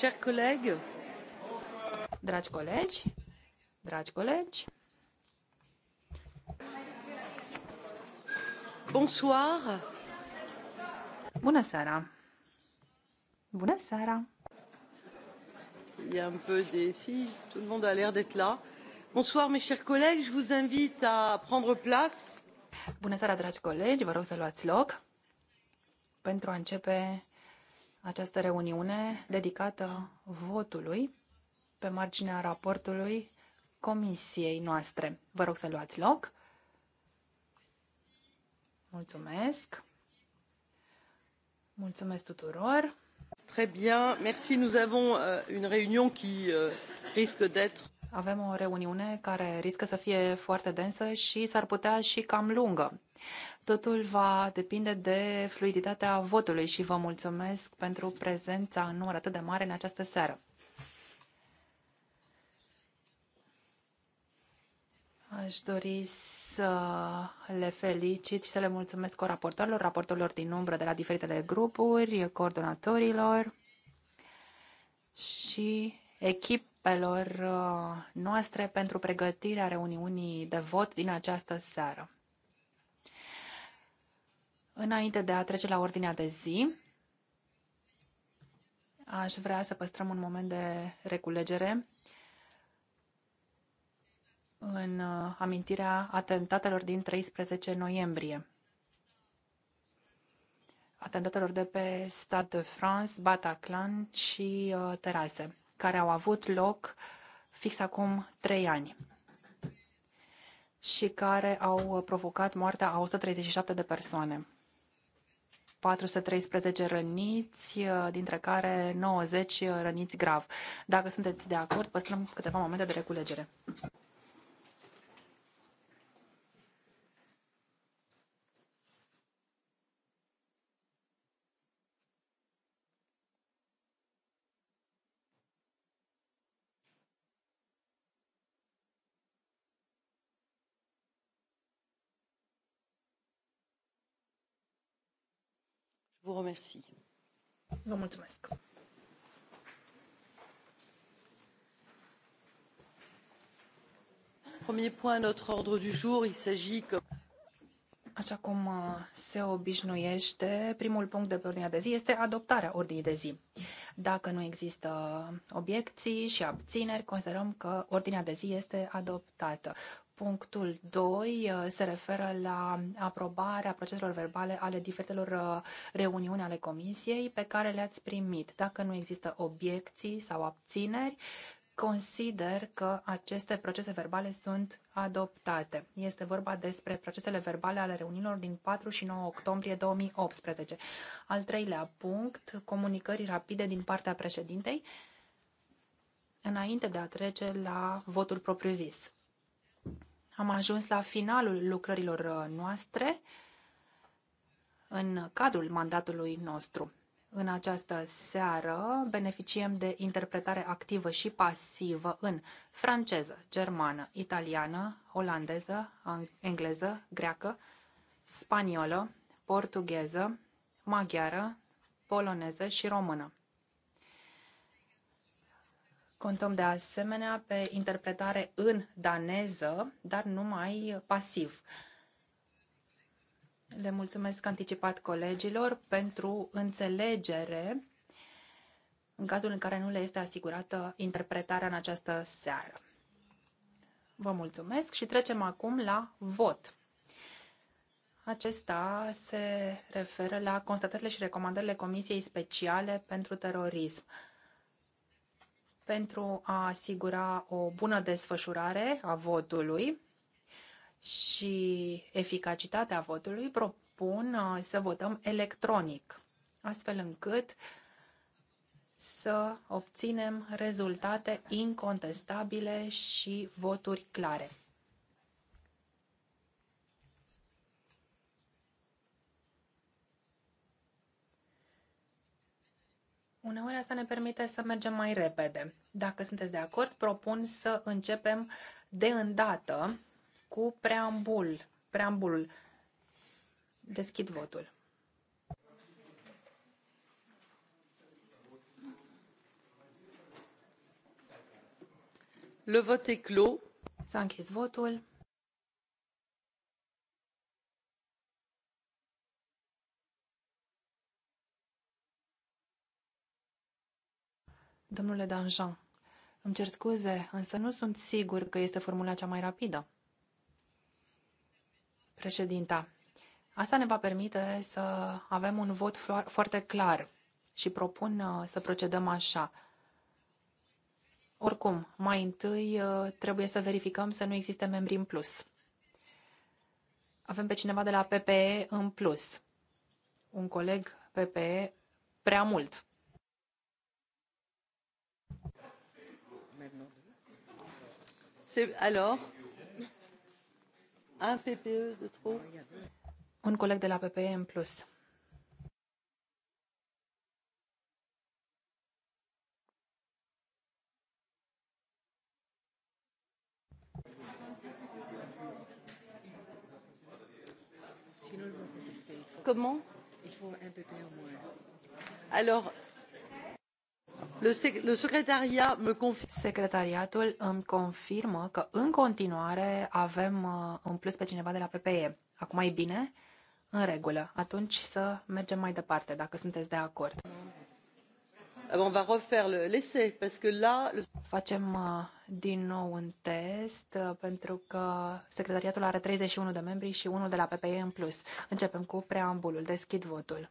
Chers collègues, dragi colegi, dragi colegi. Bonsoir. Bună seara. Bună seara. Il y a un peu des si tout le monde a l'air d'être là. Bonsoir mes chers collègues, je vous invite à prendre place. Bună seara, dragi colegi, vă rog să luați loc pentru a începe această reuniune dedicată votului pe marginea raportului comisiei noastre. Vă rog să luați loc. Mulțumesc. Mulțumesc tuturor. Très bien, merci. Nous avons euh, une réunion qui euh, risque d'être avem o reuniune care riscă să fie foarte densă și s-ar putea și cam lungă. Totul va depinde de fluiditatea votului și vă mulțumesc pentru prezența în număr atât de mare în această seară. Aș dori să le felicit și să le mulțumesc coraportorilor, raportorilor din umbră de la diferitele grupuri, coordonatorilor și echipelor uh, noastre pentru pregătirea reuniunii de vot din această seară. Înainte de a trece la ordinea de zi, aș vrea să păstrăm un moment de reculegere în uh, amintirea atentatelor din 13 noiembrie. Atentatelor de pe Stade de France, Bataclan și uh, Terase, care au avut loc fix acum trei ani și care au uh, provocat moartea a 137 de persoane. 413 răniți, uh, dintre care 90 răniți grav. Dacă sunteți de acord, păstrăm câteva momente de reculegere. remercie. Vă mulțumesc. Premier point notre ordre du jour, il s'agit que... Așa cum uh, se obișnuiește, primul punct de pe ordinea de zi este adoptarea ordinii de zi. Dacă nu există obiecții și abțineri, considerăm că ordinea de zi este adoptată. Punctul 2 uh, se referă la aprobarea proceselor verbale ale diferitelor uh, reuniuni ale comisiei pe care le-ați primit. Dacă nu există obiecții sau abțineri, consider că aceste procese verbale sunt adoptate. Este vorba despre procesele verbale ale reuniunilor din 4 și 9 octombrie 2018. Al treilea punct, comunicări rapide din partea președintei, înainte de a trece la votul propriu-zis. Am ajuns la finalul lucrărilor uh, noastre în cadrul mandatului nostru. În această seară beneficiem de interpretare activă și pasivă în franceză, germană, italiană, olandeză, engleză, greacă, spaniolă, portugheză, maghiară, poloneză și română. Contăm de asemenea pe interpretare în daneză, dar numai pasiv. Le mulțumesc anticipat colegilor pentru înțelegere în cazul în care nu le este asigurată interpretarea în această seară. Vă mulțumesc și trecem acum la vot. Acesta se referă la constatările și recomandările Comisiei Speciale pentru Terorism pentru a asigura o bună desfășurare a votului și eficacitatea votului, propun uh, să votăm electronic, astfel încât să obținem rezultate incontestabile și voturi clare. Uneori asta ne permite să mergem mai repede. Dacă sunteți de acord, propun să începem de îndată cu preambul. Preambulul. Deschid votul. Le vot est clos. S-a închis votul. Domnule Danjean, îmi cer scuze, însă nu sunt sigur că este formula cea mai rapidă. Președinta, asta ne va permite să avem un vot foarte clar și propun uh, să procedăm așa. Oricum, mai întâi uh, trebuie să verificăm să nu existe membri în plus. Avem pe cineva de la PPE în plus. Un coleg PPE prea mult. alors un PPE de trop. Un coleg de la PPE în plus. Comment Il faut un PPE moins. Alors, Secretariatul îmi confirmă că în continuare avem uh, în plus pe cineva de la PPE. Acum e bine? În regulă. Atunci să mergem mai departe, dacă sunteți de acord. Ah on va refaire le l'essai, parce que là... Facem uh, din nou un test, uh, pentru că secretariatul are 31 de membri și unul de la PPE în plus. Începem cu preambulul. Deschid votul.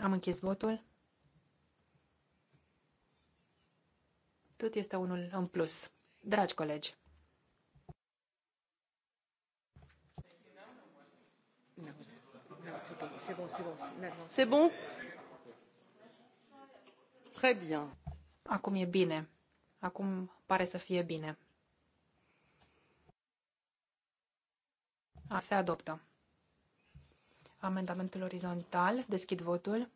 Am închis votul. Tot este unul în plus. Dragi colegi, c'est bon, c'est bon. C'est bon Très bien. Acum e bine. Acum pare să fie bine. A, se adoptă amendamentul orizontal. Deschid votul.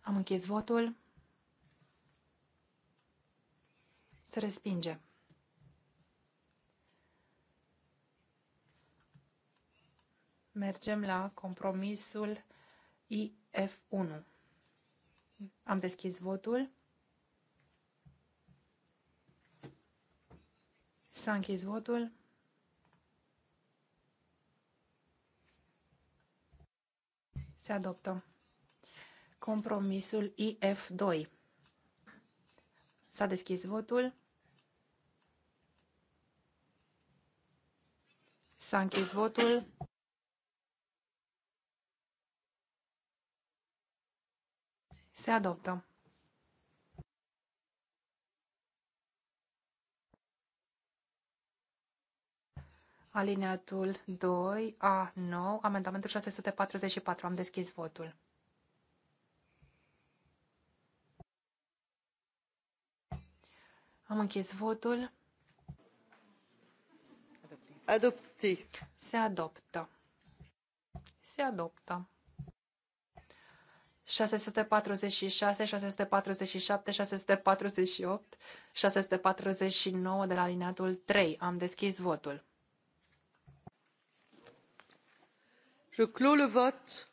Am închis votul. Se respinge. Mergem la compromisul IF1. Am deschis votul. S-a închis votul. Se adoptă. Compromisul IF2. S-a deschis votul. S-a închis votul. Se adoptă. Alineatul 2, A9, amendamentul 644. Am deschis votul. Am închis votul. Adopti. Se adoptă. Se adoptă. 646, 647, 648, 649 de la alineatul 3. Am deschis votul. Je clos le vot.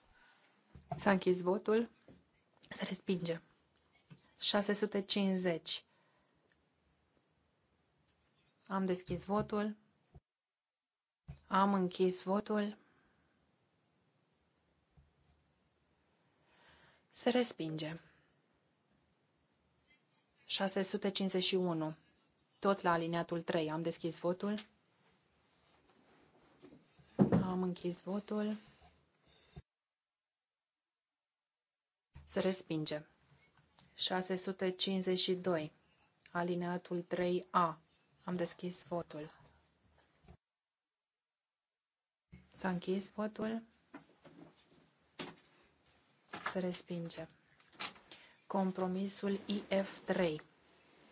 S-a închis votul. Se respinge. 650. Am deschis votul. Am închis votul. Se respinge. 651. Tot la alineatul 3. Am deschis votul. Am închis votul. Se respinge. 652. Alineatul 3A. Am deschis votul. S-a închis votul. Se respinge. Compromisul IF3.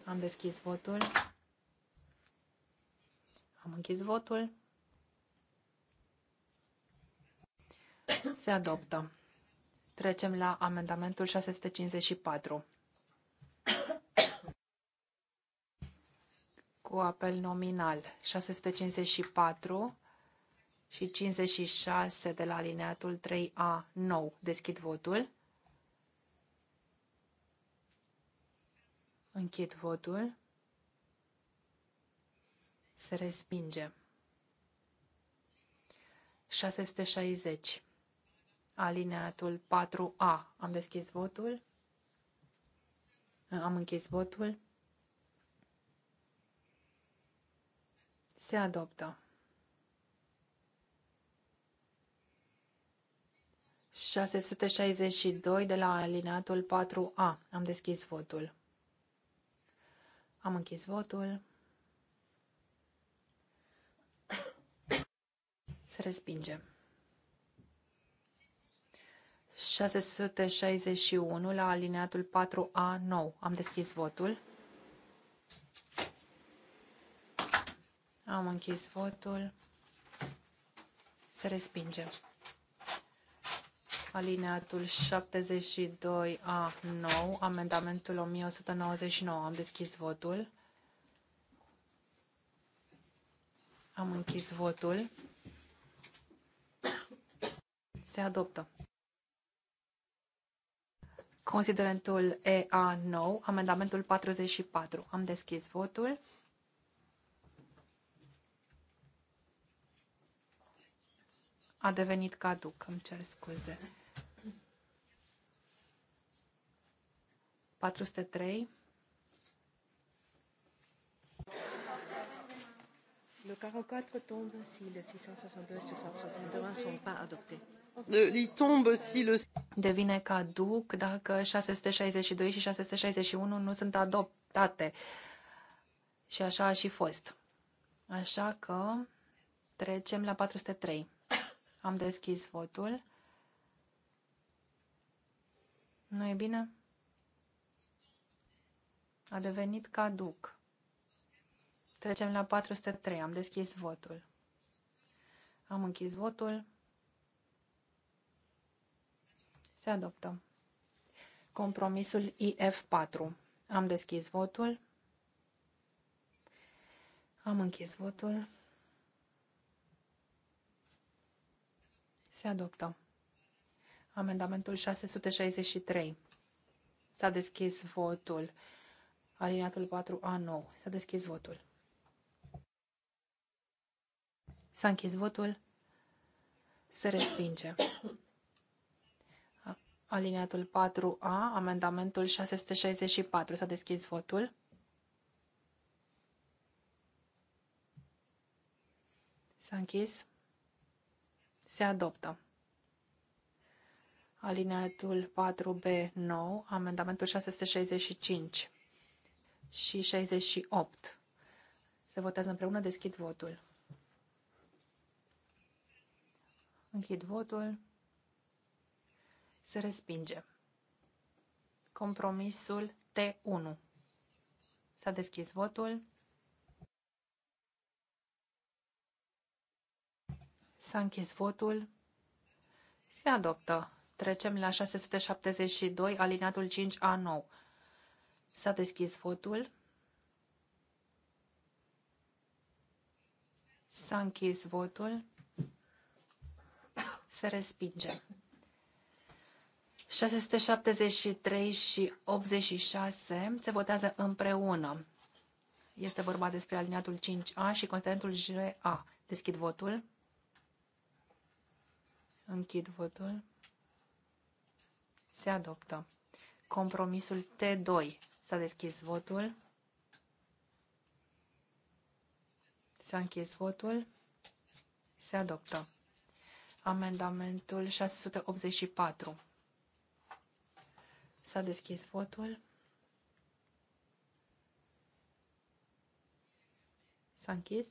Am deschis votul. Am închis votul. Se adoptă. Trecem la amendamentul 654. Cu apel nominal 654 și 56 de la alineatul 3A nou. Deschid votul. Închid votul. Se respinge. 660 alineatul 4A. Am deschis votul. Am închis votul. Se adoptă. 662 de la alineatul 4A. Am deschis votul. Am închis votul. Se respinge. 661 la alineatul 4A9. Am deschis votul. Am închis votul. Se respinge. Alineatul 72A9, amendamentul 1199. Am deschis votul. Am închis votul. Se adoptă. Considerentul EA9, amendamentul 44. Am deschis votul. A devenit caduc, îmi cer scuze. 403. Le 44 tombe si le 662 et 661 sont pas adoptés. Il tombe si le... Devine caduc dacă 662 și 661 nu sunt adoptate. Și așa a și fost. Așa că trecem la 403. Am deschis votul. Nu e bine? A devenit caduc. Trecem la 403. Am deschis votul. Am închis votul. Se adoptă. Compromisul IF4. Am deschis votul. Am închis votul. Se adoptă. Amendamentul 663. S-a deschis votul. Alineatul 4A9. S-a deschis votul. S-a închis votul. Se respinge. Alineatul 4A, amendamentul 664. S-a deschis votul. S-a închis. Se adoptă. Alineatul 4B9, amendamentul 665 și 68. Se votează împreună, deschid votul. Închid votul. Se respinge. Compromisul T1. S-a deschis votul. S-a închis votul. Se adoptă. Trecem la 672, alineatul 5A9. S-a deschis votul. S-a închis votul se respinge. 673 și 86 se votează împreună. Este vorba despre aliniatul 5A și considerentul JA. Deschid votul. Închid votul. Se adoptă. Compromisul T2. S-a deschis votul. S-a închis votul. Se adoptă amendamentul 684. S-a deschis votul. S-a închis.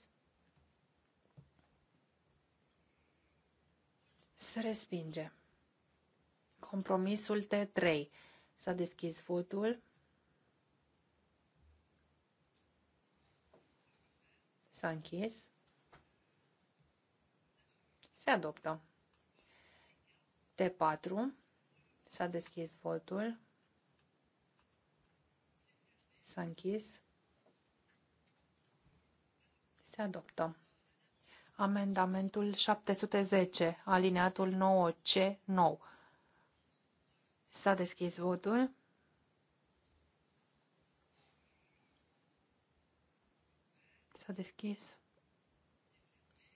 Se respinge. Compromisul T3. S-a deschis votul. S-a închis. Se adoptă. T4. S-a deschis votul. S-a închis. Se adoptă. Amendamentul 710, alineatul 9C9. S-a deschis votul. S-a deschis.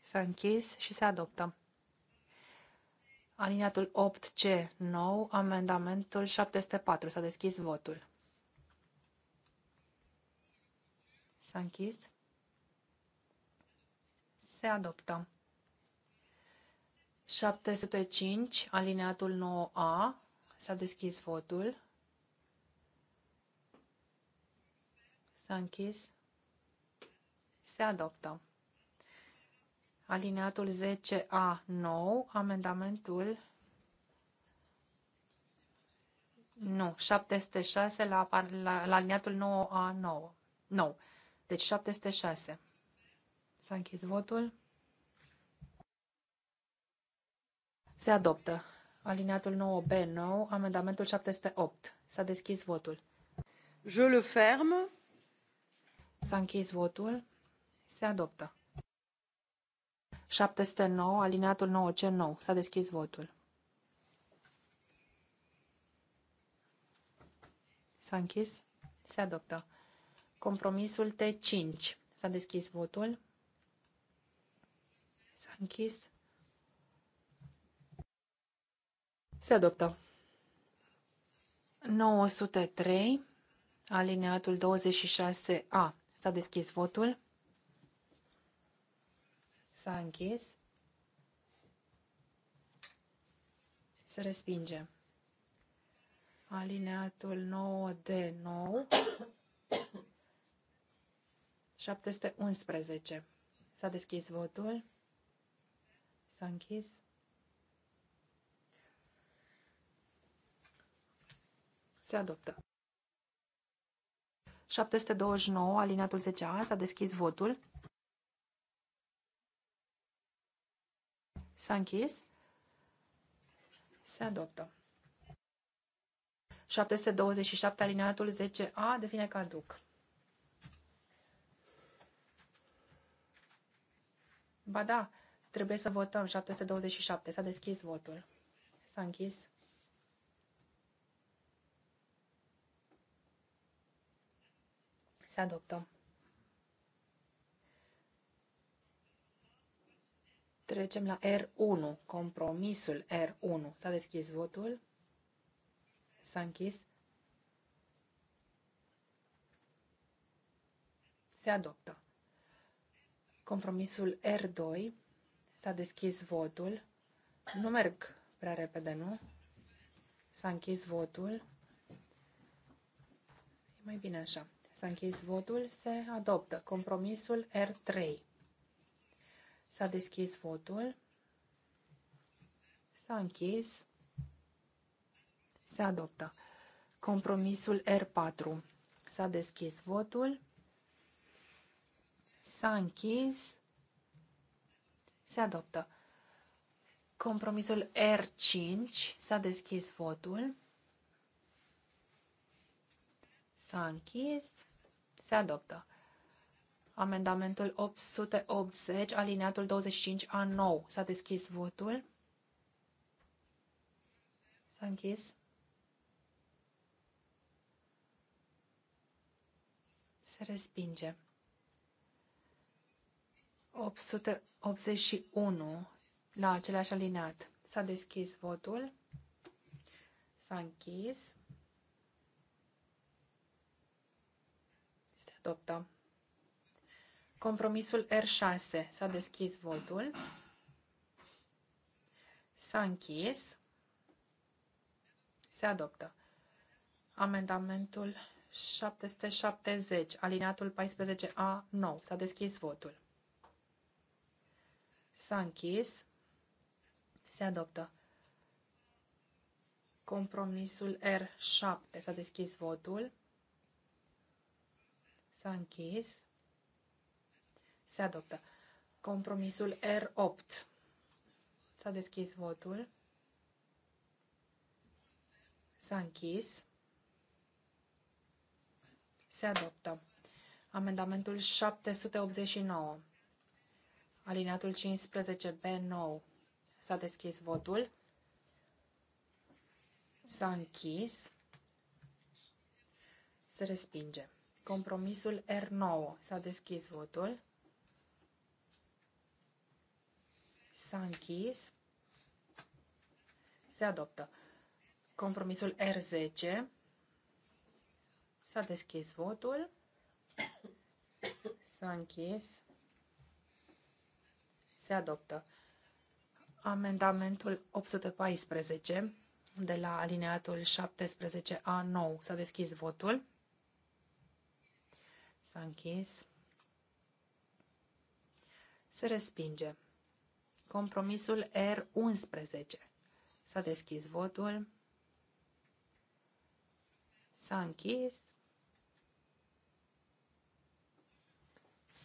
S-a închis și se adoptă. Aliniatul 8C9, amendamentul 704. S-a deschis votul. S-a închis. Se adoptă. 705, alineatul 9A. S-a deschis votul. S-a închis. Se adoptă alineatul 10A9, amendamentul nu, 706 la, la, la aliniatul 9A9. Nu. Deci 706. S-a închis votul. Se adoptă. Alineatul 9B9, amendamentul 708. S-a deschis votul. Je le ferme. S-a închis votul. Se adoptă. 709, alineatul 9C9. S-a deschis votul. S-a închis? Se adoptă. Compromisul T5. S-a deschis votul. S-a închis. Se adoptă. 903, alineatul 26A. S-a deschis votul. S-a închis. Se respinge. Alineatul 9 de 9. 711. S-a deschis votul. S-a închis. Se adoptă. 729, alineatul 10A, s-a deschis votul. S-a închis. Se adoptă. 727 alineatul 10A devine caduc. Ba da, trebuie să votăm 727. S-a deschis votul. S-a închis. Se adoptă. Trecem la R1, compromisul R1. S-a deschis votul. S-a închis. Se adoptă. Compromisul R2. S-a deschis votul. Nu merg prea repede, nu? S-a închis votul. E mai bine așa. S-a închis votul, se adoptă. Compromisul R3. S-a deschis votul. S-a închis. Se adoptă. Compromisul R4. S-a deschis votul. S-a închis. Se adoptă. Compromisul R5. S-a deschis votul. S-a închis. Se adoptă amendamentul 880, alineatul 25A9. S-a deschis votul. S-a închis. Se respinge. 881 la același alineat. S-a deschis votul. S-a închis. Se adoptă. Compromisul R6. S-a deschis votul. S-a închis. Se adoptă. Amendamentul 770, alineatul 14A9. S-a deschis votul. S-a închis. Se adoptă. Compromisul R7. S-a deschis votul. S-a închis. Se adoptă. Compromisul R8. S-a deschis votul. S-a închis. Se adoptă. Amendamentul 789. Alineatul 15B9. S-a deschis votul. S-a închis. Se respinge. Compromisul R9. S-a deschis votul. S-a închis. Se adoptă. Compromisul R10. S-a deschis votul. S-a închis. Se adoptă. Amendamentul 814 de la alineatul 17A9. S-a deschis votul. S-a închis. Se respinge. Compromisul R11. S-a deschis votul. S-a închis.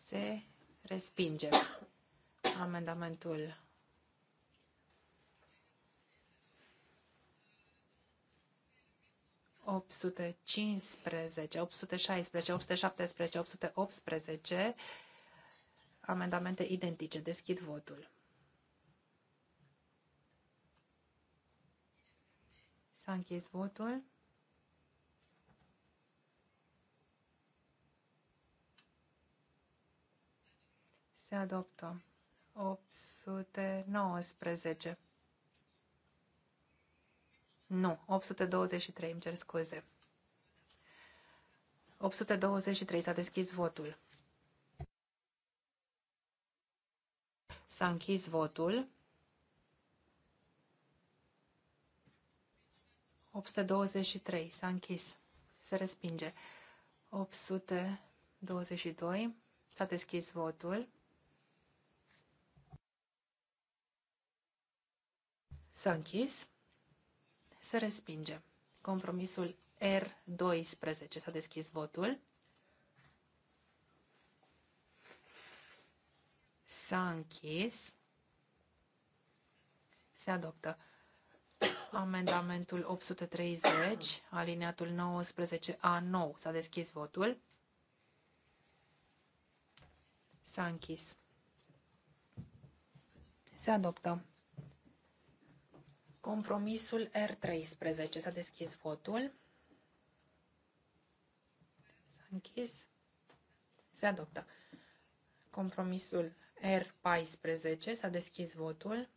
Se respinge amendamentul ...815, 816, 817, 818, amendamente identice. Deschid votul. S-a închis votul. Se adoptă. 819. Nu, 823, îmi cer scuze. 823, s-a deschis votul. S-a închis votul. 823. S-a închis. Se respinge. 822. S-a deschis votul. S-a închis. Se respinge. Compromisul R12. S-a deschis votul. S-a închis. Se adoptă amendamentul 830, alineatul 19A9. S-a deschis votul. S-a închis. Se adoptă. Compromisul R13. S-a deschis votul. S-a închis. Se adoptă. Compromisul R14. S-a deschis votul.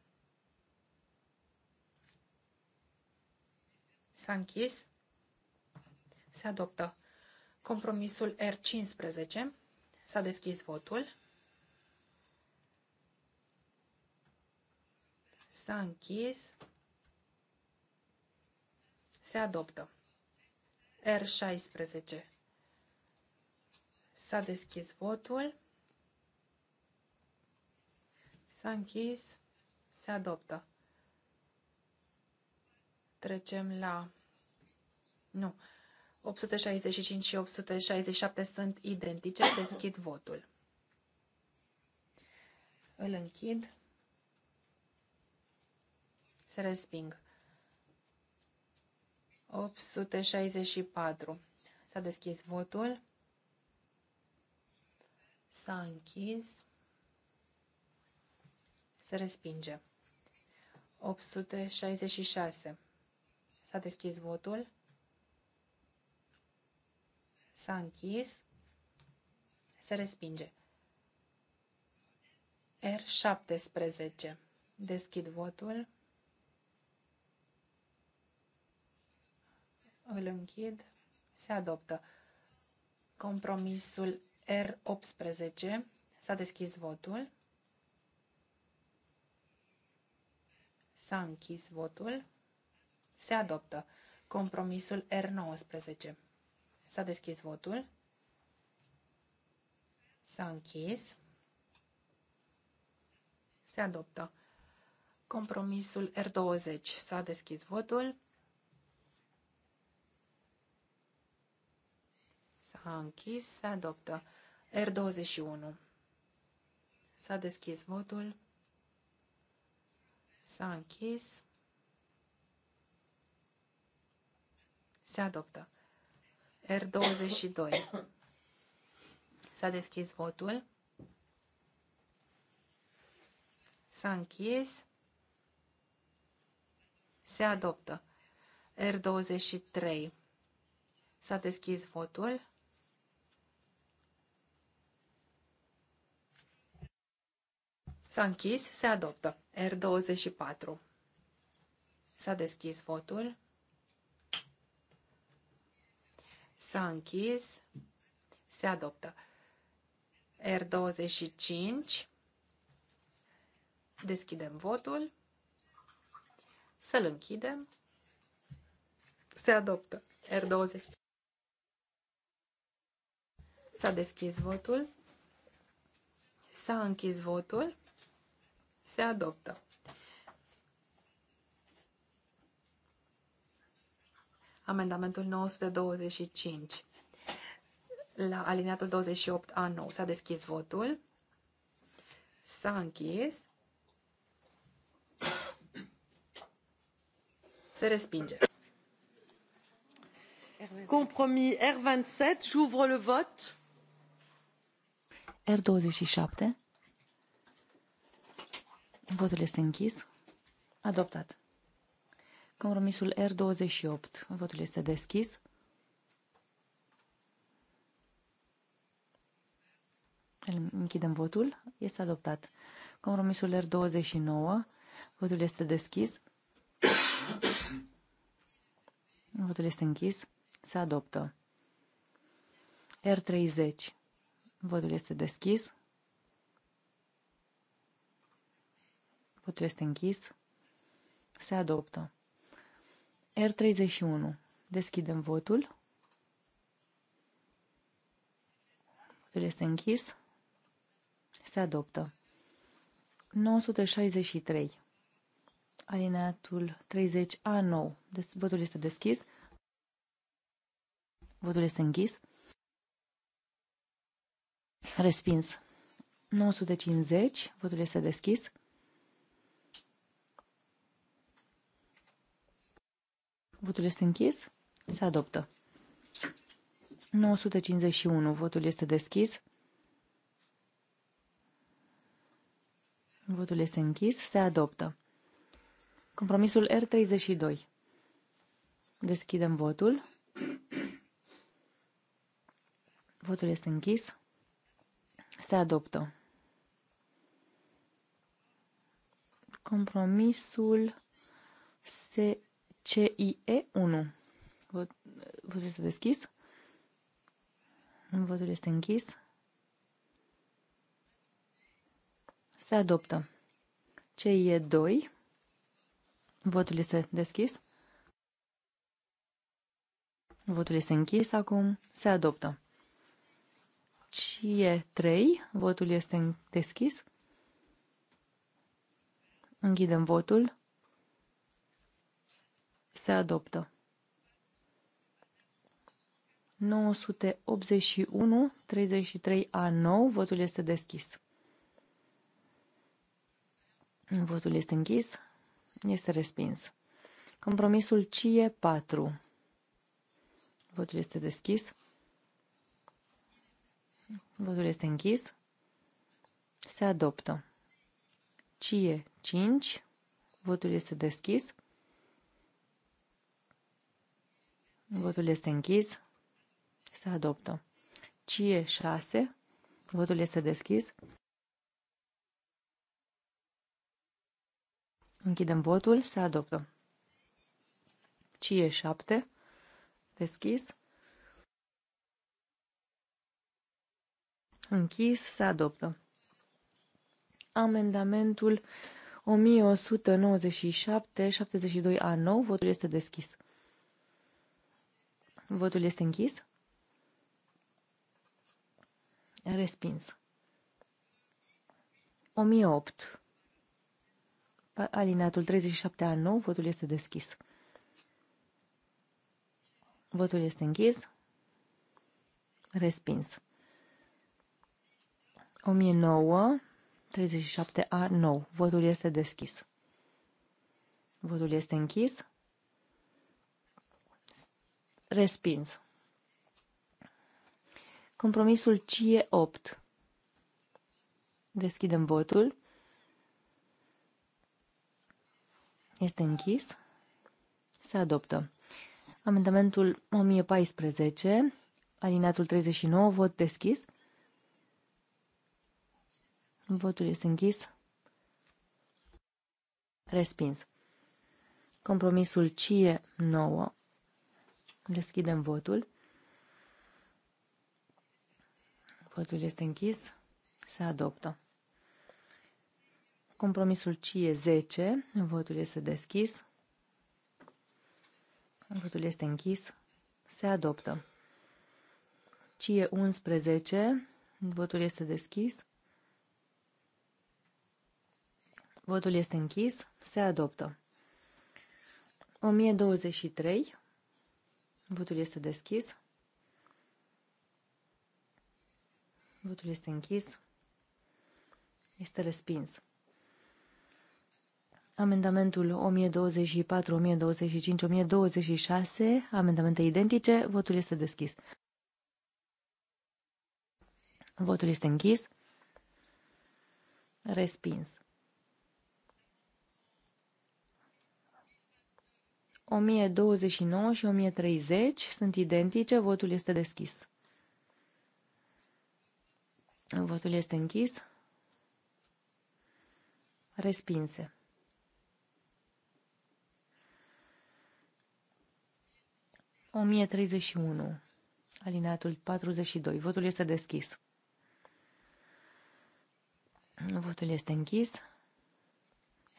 S-a închis. Se adoptă. Compromisul R15. S-a deschis votul. S-a închis. Se adoptă. R16. S-a deschis votul. S-a închis. Se adoptă. Trecem la... Nu. 865 și 867 sunt identice. Deschid votul. Îl închid. Se resping. 864. S-a deschis votul. S-a închis. Se respinge. 866. S-a deschis votul. S-a închis. Se respinge. R17. Deschid votul. Îl închid. Se adoptă. Compromisul R18. S-a deschis votul. S-a închis votul. Se adoptă. Compromisul R19. S-a deschis votul. S-a închis. Se adoptă. Compromisul R20. S-a deschis votul. S-a închis. Se adoptă. R21. S-a deschis votul. S-a închis. Se adoptă. R22. S-a deschis votul. S-a închis. Se adoptă. R23. S-a deschis votul. S-a închis, se adoptă. R24. S-a deschis votul. S-a închis. Se adoptă. R25. Deschidem votul. Să-l închidem. Se adoptă. R20. S-a deschis votul. S-a închis votul. Se adoptă. amendamentul 925. La alineatul 28A9 s-a deschis votul, s-a închis, se respinge. Compromis R27, j'ouvre le vot. R27. Votul este închis. Adoptat. Compromisul R28. Votul este deschis. Închidem votul. Este adoptat. Compromisul R29. Votul este deschis. Votul este închis. Se adoptă. R30. Votul este deschis. Votul este închis. Se adoptă. R31. Deschidem votul. Votul este închis. Se adoptă. 963. Alineatul 30A9. votul este deschis. Votul este închis. Respins. 950. Votul este deschis. Votul este închis. Se adoptă. 951. Votul este deschis. Votul este închis. Se adoptă. Compromisul R32. Deschidem votul. Votul este închis. Se adoptă. Compromisul se CIE 1. Vot, votul este deschis. Votul este închis. Se adoptă. CIE 2. Votul este deschis. Votul este închis acum. Se adoptă. CIE 3. Votul este deschis. Închidem votul. Se adoptă. 981, 33A9, votul este deschis. Votul este închis, este respins. Compromisul CIE 4. Votul este deschis. Votul este închis. Se adoptă. CIE 5. Votul este deschis. Votul este închis. Se adoptă. CIE 6. Votul este deschis. Închidem votul. Se adoptă. CIE 7. Deschis. Închis. Se adoptă. Amendamentul 1197-72A9. Votul este deschis. Votul este închis. Respins. 1008. Alineatul 37 a 9, votul este deschis. Votul este închis. Respins. 1009, 37 a 9, votul este deschis. Votul este închis. Respins. Compromisul CIE 8. Deschidem votul. Este închis. Se adoptă. Amendamentul 1014, alineatul 39, vot deschis. Votul este închis. Respins. Compromisul CIE 9. Deschidem votul. Votul este închis. Se adoptă. Compromisul CIE 10. Votul este deschis. Votul este închis. Se adoptă. CIE 11. Votul este deschis. Votul este închis. Se adoptă. 1023. Votul este deschis. Votul este închis. Este respins. Amendamentul 1024, 1025, 1026, amendamente identice, votul este deschis. Votul este închis. Respins. 1029 și 1030 sunt identice, votul este deschis. Votul este închis. Respinse. O 1031. Alineatul 42. Votul este deschis. Votul este închis.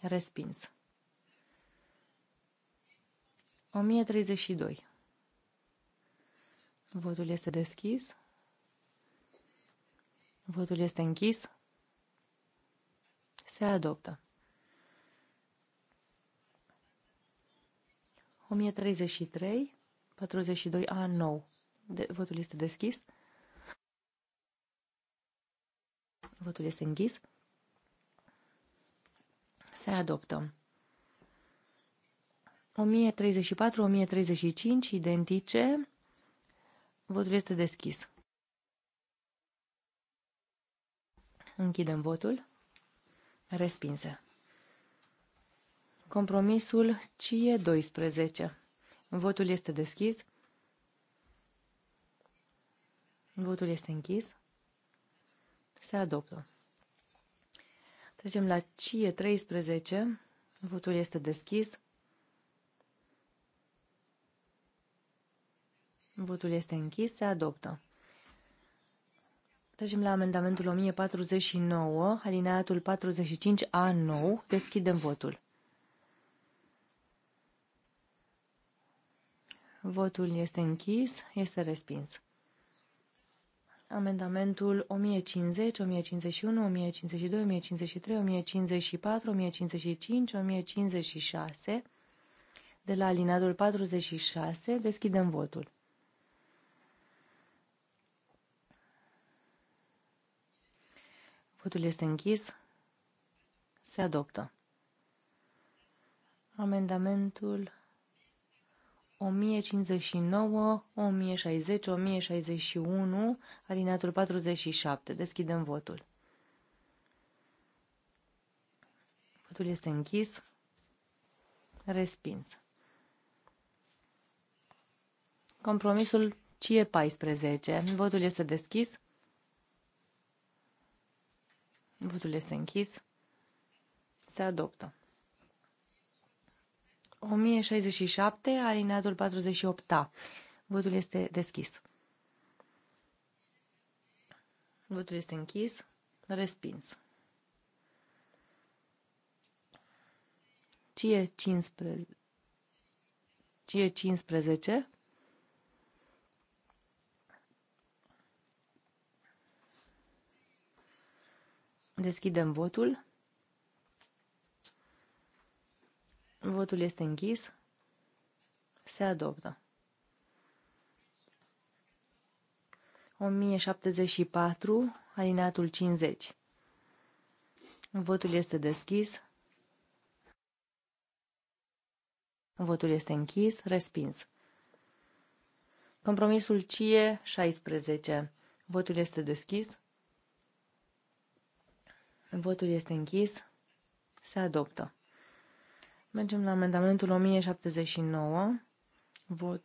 Respins. 1032. Votul este deschis. Votul este închis. Se adoptă. 1033, 42A, 9. De, votul este deschis. Votul este închis. Se adoptă. 1034-1035, identice. Votul este deschis. Închidem votul. Respinse. Compromisul CIE 12. Votul este deschis. Votul este închis. Se adoptă. Trecem la CIE 13. Votul este deschis. Votul este închis. Se adoptă. Trecem la amendamentul 1049, alineatul 45A9. Deschidem votul. Votul este închis, este respins. Amendamentul 1050, 1051, 1052, 1053, 1054, 1055, 1056. De la alineatul 46 deschidem votul. Votul este închis. Se adoptă. Amendamentul 1059, 1060, 1061, alineatul 47. Deschidem votul. Votul este închis. Respins. Compromisul CIE 14. Votul este deschis. Votul este închis. Se adoptă. 1067, alineatul 48A. Votul este deschis. Votul este închis. Respins. CIE 15. CIE 15. Deschidem votul. Votul este închis. Se adoptă. 1074, alineatul 50. Votul este deschis. Votul este închis, respins. Compromisul CIE 16. Votul este deschis. Votul este închis. Se adoptă. Mergem la amendamentul 1079. Vot,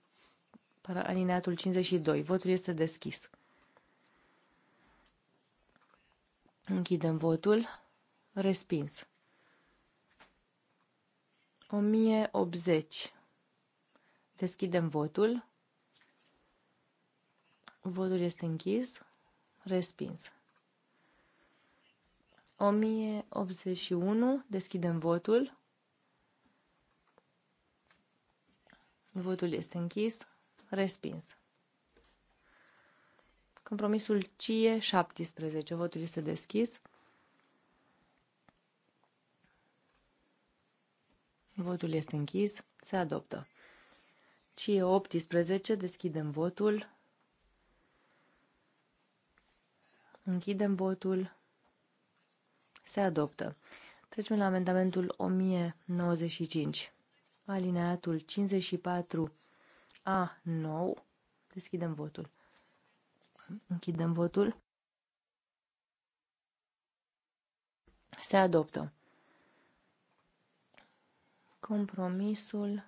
alineatul 52. Votul este deschis. Închidem votul. Respins. 1080. Deschidem votul. Votul este închis. Respins. 1081, deschidem votul. Votul este închis, respins. Compromisul CIE 17, votul este deschis. Votul este închis, se adoptă. CIE 18, deschidem votul. Închidem votul. Se adoptă. Trecem la amendamentul 1095. Alineatul 54A9. Deschidem votul. Închidem votul. Se adoptă. Compromisul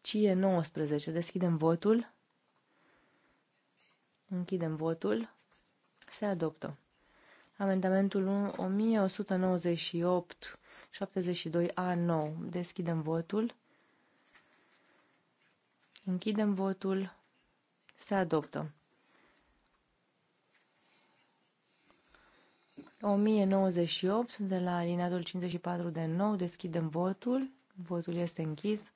CIE 19. Deschidem votul. Închidem votul. Se adoptă. Amendamentul 1198 72A9. Deschidem votul. Închidem votul. Se adoptă. 1098 de la alineatul 54 de nou. Deschidem votul. Votul este închis.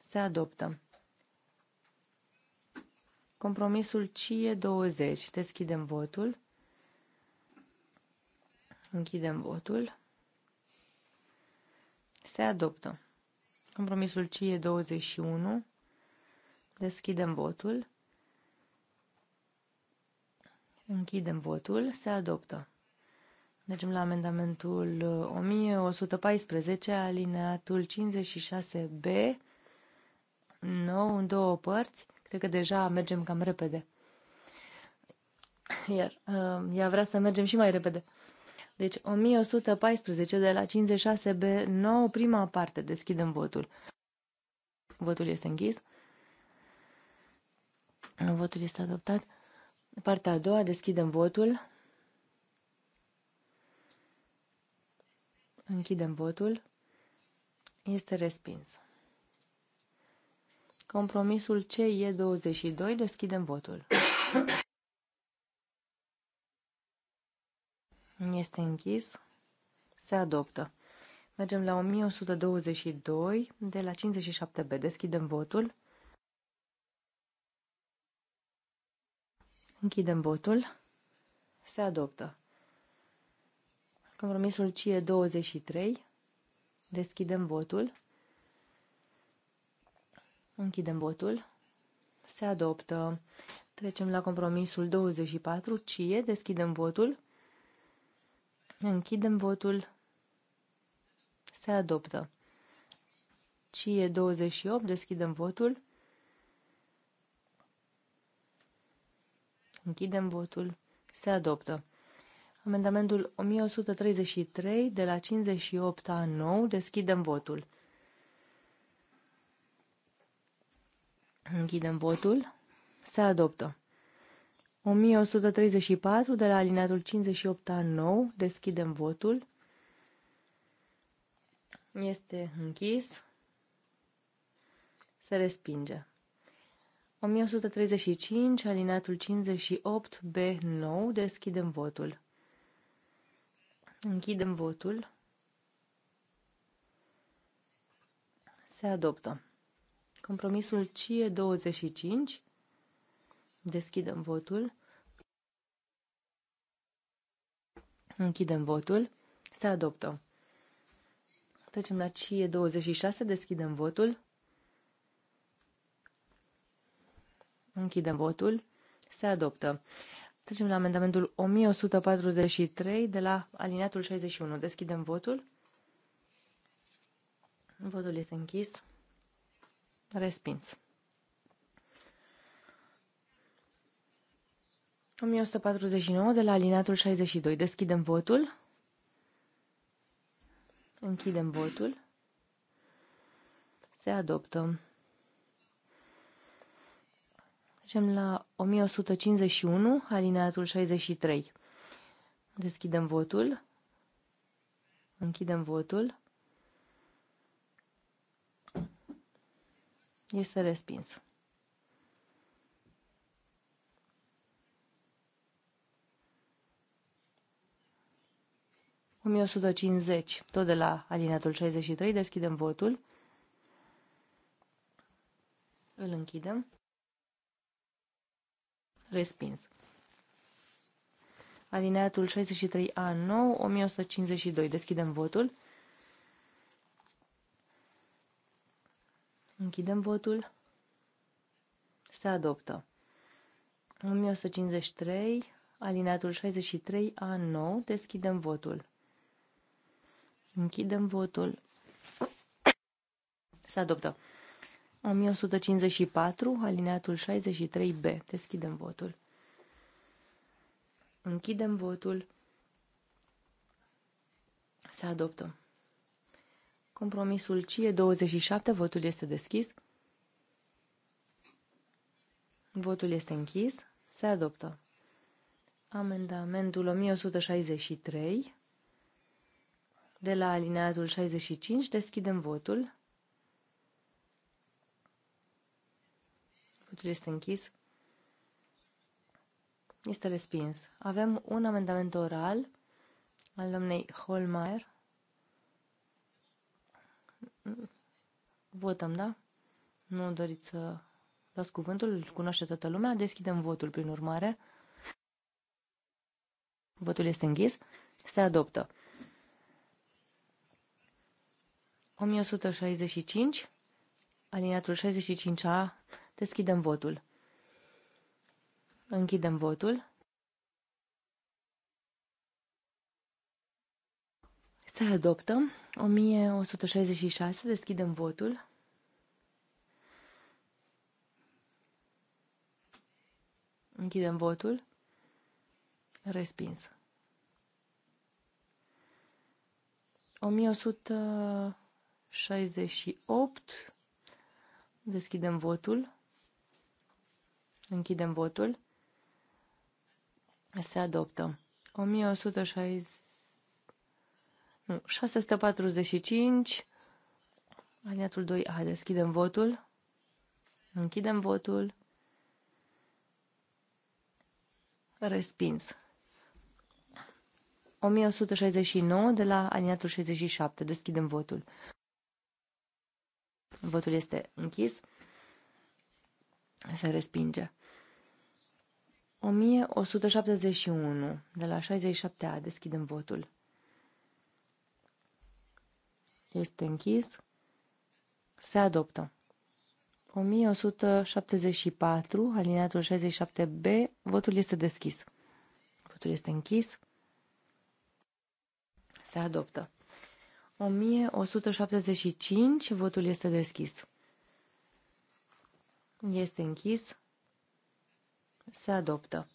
Se adoptă. Compromisul CIE 20. Deschidem votul. Închidem votul. Se adoptă. Compromisul CIE 21. Deschidem votul. Închidem votul. Se adoptă. Mergem la amendamentul 1114, uh, alineatul 56B, nou în două părți. Cred că deja mergem cam repede. Iar uh, ea vrea să mergem și mai repede. Deci 1114 de la 56 b nouă prima parte. Deschidem votul. Votul este închis. Votul este adoptat. Partea a doua, deschidem votul. Închidem votul. Este respins. Compromisul CE22, deschidem votul. Este închis. Se adoptă. Mergem la 1122 de la 57B. Deschidem votul. Închidem votul. Se adoptă. Compromisul CIE 23. Deschidem votul. Închidem votul. Se adoptă. Trecem la compromisul 24. CIE. Deschidem votul. Închidem votul. Se adoptă. CIE 28, deschidem votul. Închidem votul. Se adoptă. Amendamentul 1133 de la 58 a 9, deschidem votul. Închidem votul. Se adoptă. 1134 de la alineatul 58 a 9. Deschidem votul. Este închis. Se respinge. 1135, alineatul 58, B9, deschidem votul. Închidem votul. Se adoptă. Compromisul CIE 25, Deschidem votul. Închidem votul. Se adoptă. Trecem la CIE 26. Deschidem votul. Închidem votul. Se adoptă. Trecem la amendamentul 1143 de la alineatul 61. Deschidem votul. Votul este închis. Respins. 1149 de la alineatul 62. Deschidem votul. Închidem votul. Se adoptă. Mergem la 1151, alineatul 63. Deschidem votul. Închidem votul. Este respins. 1150, tot de la alineatul 63, deschidem votul. Îl închidem. Respins. Alineatul 63A9, 1152, deschidem votul. Închidem votul. Se adoptă. 1153, alineatul 63A9, deschidem votul. Închidem votul. Se adoptă. 1154, alineatul 63B. Deschidem votul. Închidem votul. Se adoptă. Compromisul CIE 27, votul este deschis. Votul este închis. Se adoptă. Amendamentul 1163 de la alineatul 65. Deschidem votul. Votul este închis. Este respins. Avem un amendament oral al domnei Holmeier. Votăm, da? Nu doriți să luați cuvântul, îl cunoaște toată lumea. Deschidem votul, prin urmare. Votul este închis. Se adoptă. 1165, aliniatul 65A, deschidem votul. Închidem votul. Se adoptă. 1166, deschidem votul. Închidem votul. Respins. 1100 68. Deschidem votul. Închidem votul. Se adoptă. 1160. Nu, 645. Aliatul 2A. Deschidem votul. Închidem votul. Respins. 1169 de la aliniatul 67. Deschidem votul. Votul este închis. Se respinge. 1171. De la 67A deschidem votul. Este închis. Se adoptă. 1174, alineatul 67B, votul este deschis. Votul este închis. Se adoptă. 1175, votul este deschis. Este închis. Se adoptă.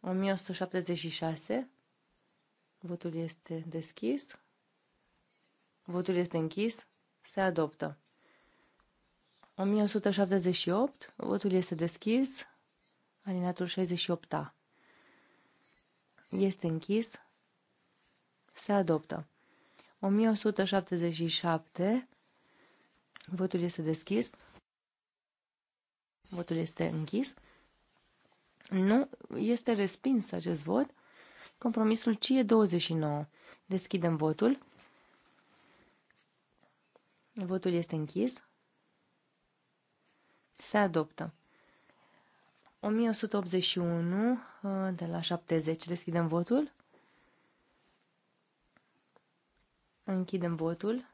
1176, votul este deschis. Votul este închis. Se adoptă. 1178, votul este deschis. Alineatul 68A. Este închis. Se adoptă. 1177. Votul este deschis. Votul este închis. Nu este respins acest vot. Compromisul CIE 29. Deschidem votul. Votul este închis. Se adoptă. 1181 uh, de la 70. Deschidem votul. Închidem votul.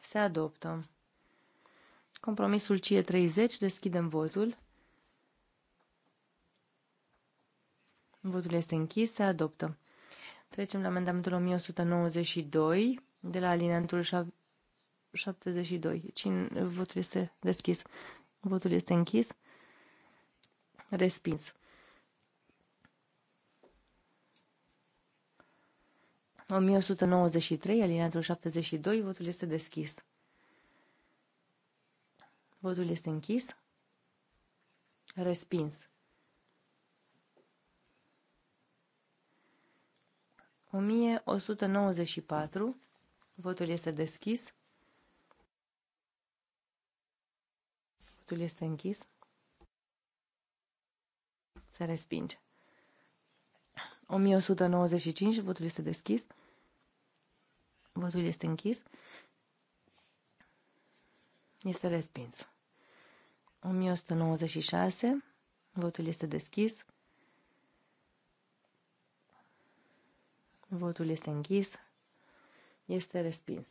Se adoptă. Compromisul CIE 30. Deschidem votul. Votul este închis. Se adoptă. Trecem la amendamentul 1192 de la alineantul 72. Cine, votul este deschis. Votul este închis. Respins. 1193, alineatul 72, votul este deschis. Votul este închis. Respins. 1194. Votul este deschis. Votul este închis. Se respinge. 1195. Votul este deschis. Votul este închis. Este respins. 1196. Votul este deschis. Votul este închis. Este respins.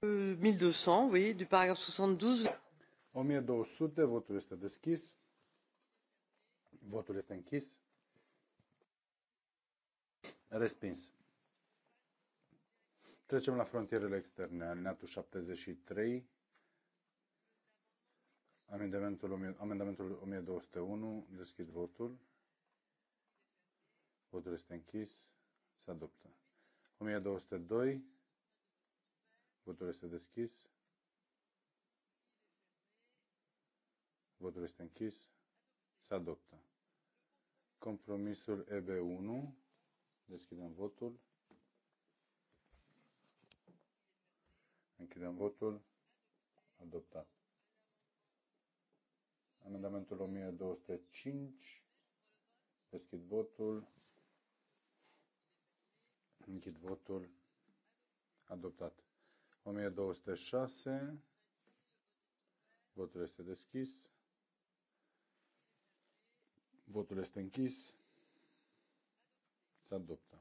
1200, euh, oui, du paragraf 72. 1200, votul este deschis. Votul este închis. Respins. Trecem la frontierele externe. Aneatul 73, amendamentul, amendamentul 1201, deschid votul. Votul este închis. Se adoptă. 1202, votul este deschis. Votul este închis. Se adoptă. Compromisul EB1. Deschidem votul. Închidem votul. Adoptat. Amendamentul 1205. Deschid votul. Închid votul. Adoptat. 1206. Votul este deschis. Votul este închis. Se adoptă.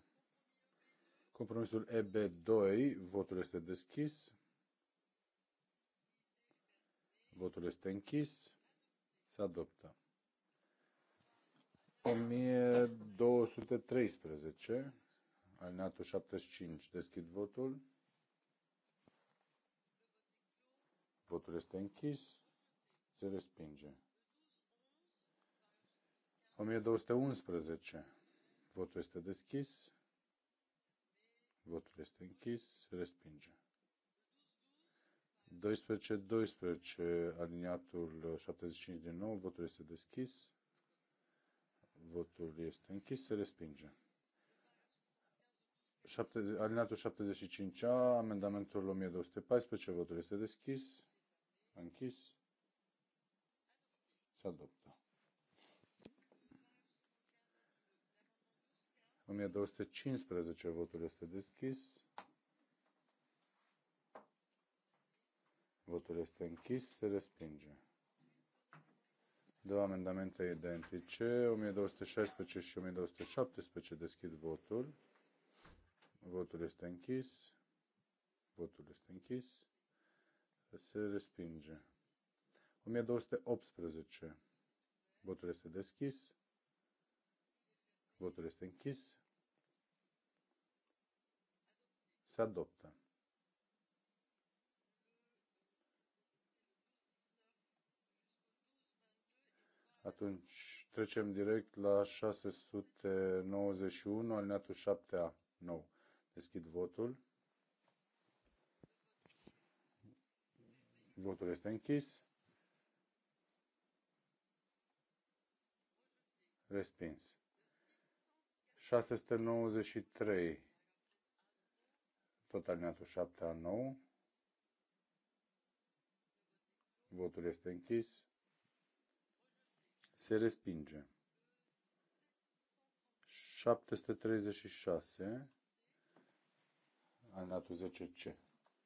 Compromisul EB2. Votul este deschis. Votul este închis. Se adoptă. 1213, alineatul 75. Deschid votul. Votul este închis. Se respinge. 1211. Votul este deschis. Votul este închis. Se respinge. 12, 12, aliniatul 75 din nou, votul este deschis. Votul este închis, se respinge. 70, alinatul 75A, amendamentul 1214, votul este deschis, închis, se adoptă. 1215, votul este deschis, Votul este închis. Se respinge. Două amendamente identice, 1216 și 1217, deschid votul. Votul este închis. Votul este închis. Se respinge. 1218. Votul este deschis. Votul este închis. Se adoptă. Atunci trecem direct la 691, alineatul 7A, nou. Deschid votul. Votul este închis. Respins. 693, tot alineatul 7A, nou. Votul este închis se respinge. 736, alinatul 10C.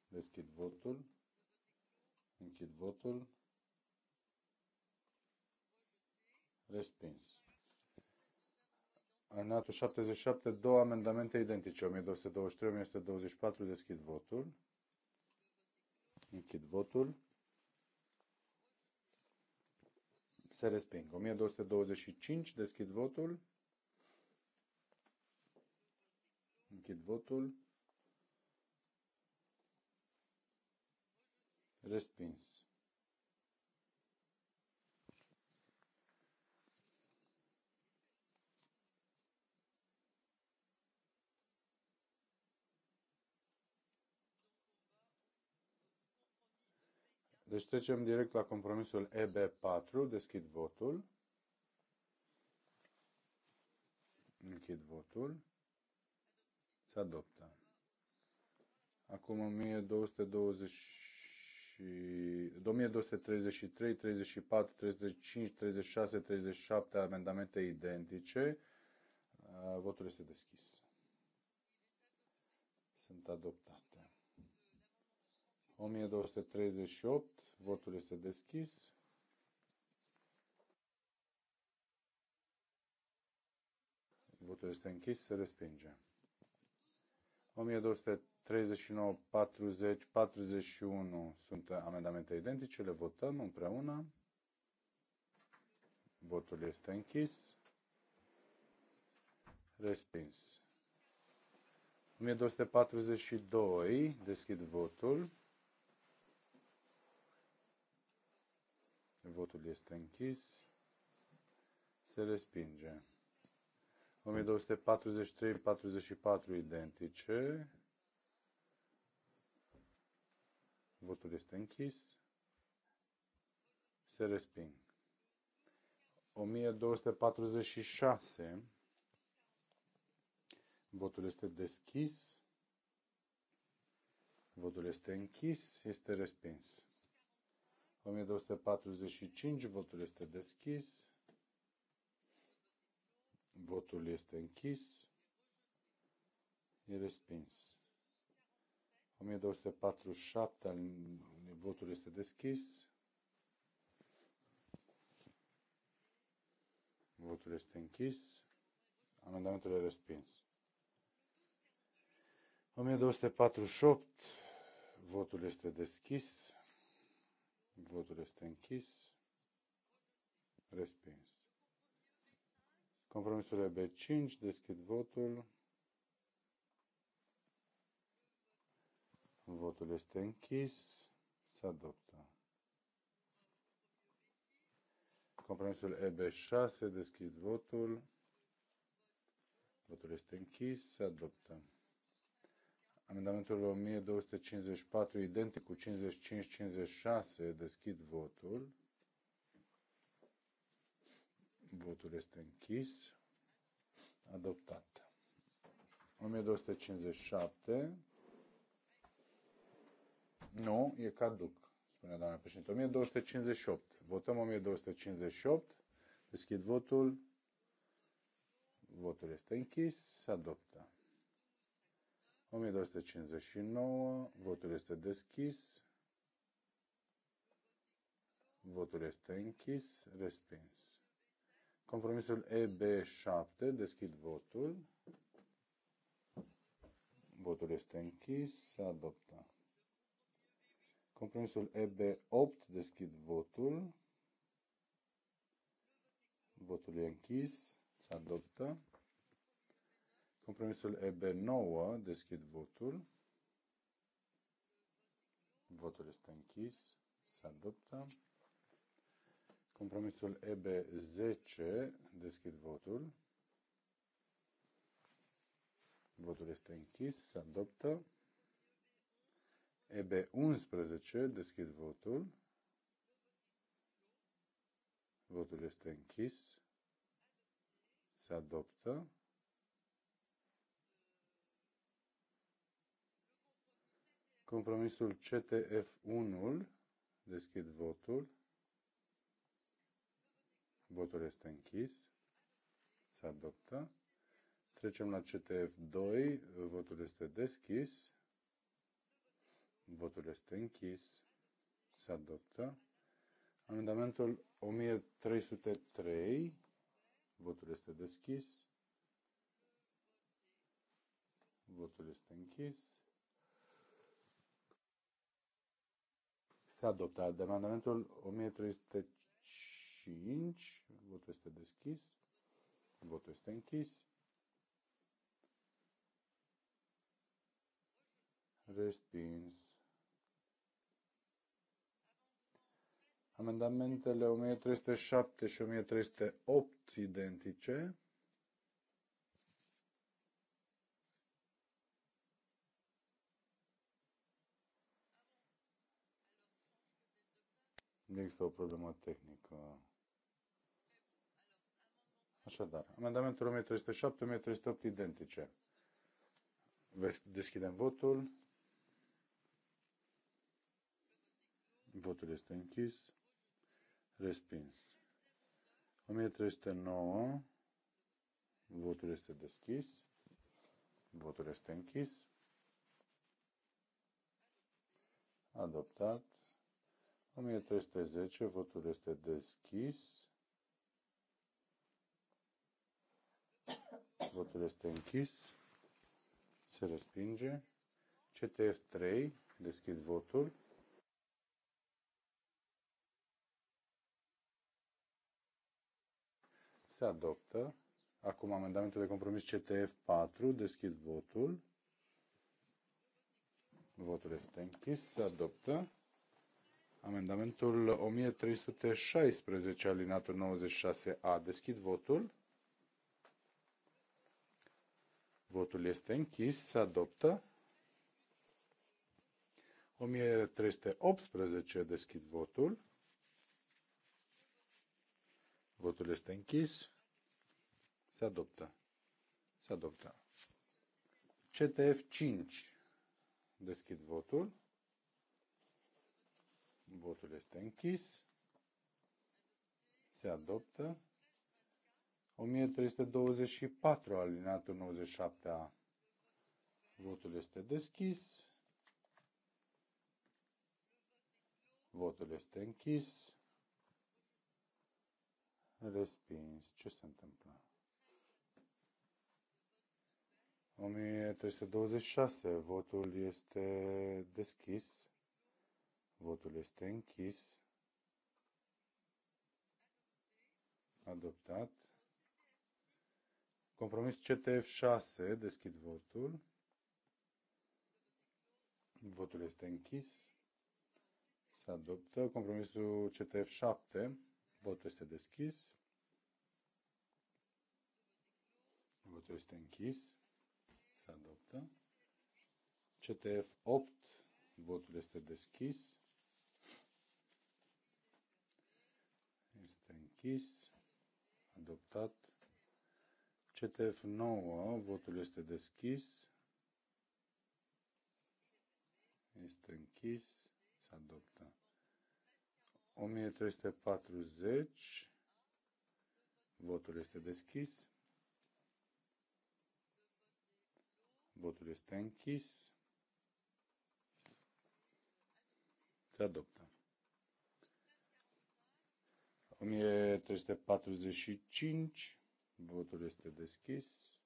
Deschid votul. Închid votul. Respins. Alinatul 77, două amendamente identice, 1223-1224, deschid votul. Închid votul. Se resping. 1225. Deschid votul. Închid votul. Respins. Deci trecem direct la compromisul EB4. Deschid votul. Închid votul. Se adoptă. Acum 1220, 2233, 34, 35, 36, 37 amendamente identice. Uh, votul este deschis. Sunt adoptate. 1238, votul este deschis. Votul este închis, se respinge. 1239, 40, 41 sunt amendamente identice, le votăm împreună. Votul este închis. Respins. 1242, deschid votul. Votul este închis. Se respinge. 1243-44 identice. Votul este închis. Se resping. 1246. Votul este deschis. Votul este închis. Este respins. 1245, votul este deschis. Votul este închis. E respins. 1247, votul este deschis. Votul este închis. Amendamentul e respins. 1248, votul este deschis. Votul este închis. Respins. Compromisul B5. Deschid votul. Votul este închis. Se adoptă. Compromisul EB6. Deschid votul. Votul este închis. Se adoptă. Amendamentul 1254, identic cu 55-56, deschid votul. Votul este închis. Adoptat. 1257. Nu, e caduc, spune doamna președinte. 1258. Votăm 1258. Deschid votul. Votul este închis. adoptat. 1259, votul este deschis, votul este închis, respins. Compromisul EB7, deschid votul, votul este închis, se adoptă. Compromisul EB8, deschid votul, votul e închis, se adoptă. Compromisul EB9, deschid votul. Votul este închis. Se adoptă. Compromisul EB10, deschid votul. Votul este închis. Se adoptă. EB11, deschid votul. Votul este închis. Se adoptă. Compromisul CTF1, deschid votul. Votul este închis. Se adoptă. Trecem la CTF2, votul este deschis. Votul este închis. Se adoptă. Amendamentul 1303. Votul este deschis. Votul este închis. Se adoptă. Amendamentul 1305. Votul este deschis. Votul este închis. Respins. Amendamentele 1307 și 1308 identice. Există o problemă tehnică. Așadar, amendamentul 1307, 1308 identice. Deschidem votul. Votul este închis. Respins. 1309. Votul este deschis. Votul este închis. Adoptat. 1310, votul este deschis. Votul este închis. Se respinge. CTF 3, deschid votul. Se adoptă. Acum amendamentul de compromis CTF 4, deschid votul. Votul este închis. Se adoptă. Amendamentul 1316, alinatul 96A. Deschid votul. Votul este închis. Se adoptă. 1318. Deschid votul. Votul este închis. Se adoptă. Se adoptă. CTF 5. Deschid votul. Votul este închis. Se adoptă. 1324 alineatul 97A. Votul este deschis. Votul este închis. Respins. Ce se întâmplă? 1326. Votul este deschis. Votul este închis. Adoptat. Compromis CTF 6. Deschid votul. Votul este închis. Se adoptă. Compromisul CTF 7. Votul este deschis. Votul este închis. Se adoptă. CTF 8. Votul este deschis. închis, adoptat. CTF 9, votul este deschis, este închis, se adoptă. 1340, votul este deschis, votul este închis, se adoptă. 1345. Votul este deschis.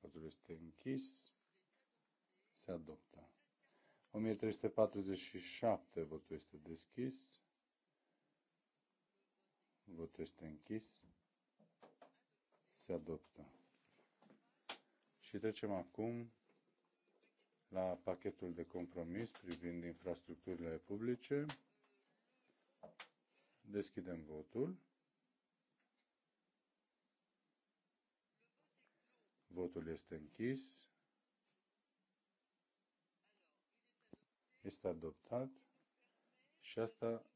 Votul este închis. Se adoptă. 1347. Votul este deschis. Votul este închis. Se adoptă. Și trecem acum la pachetul de compromis privind infrastructurile publice. Deschidem votul. Votul este închis. Este adoptat și asta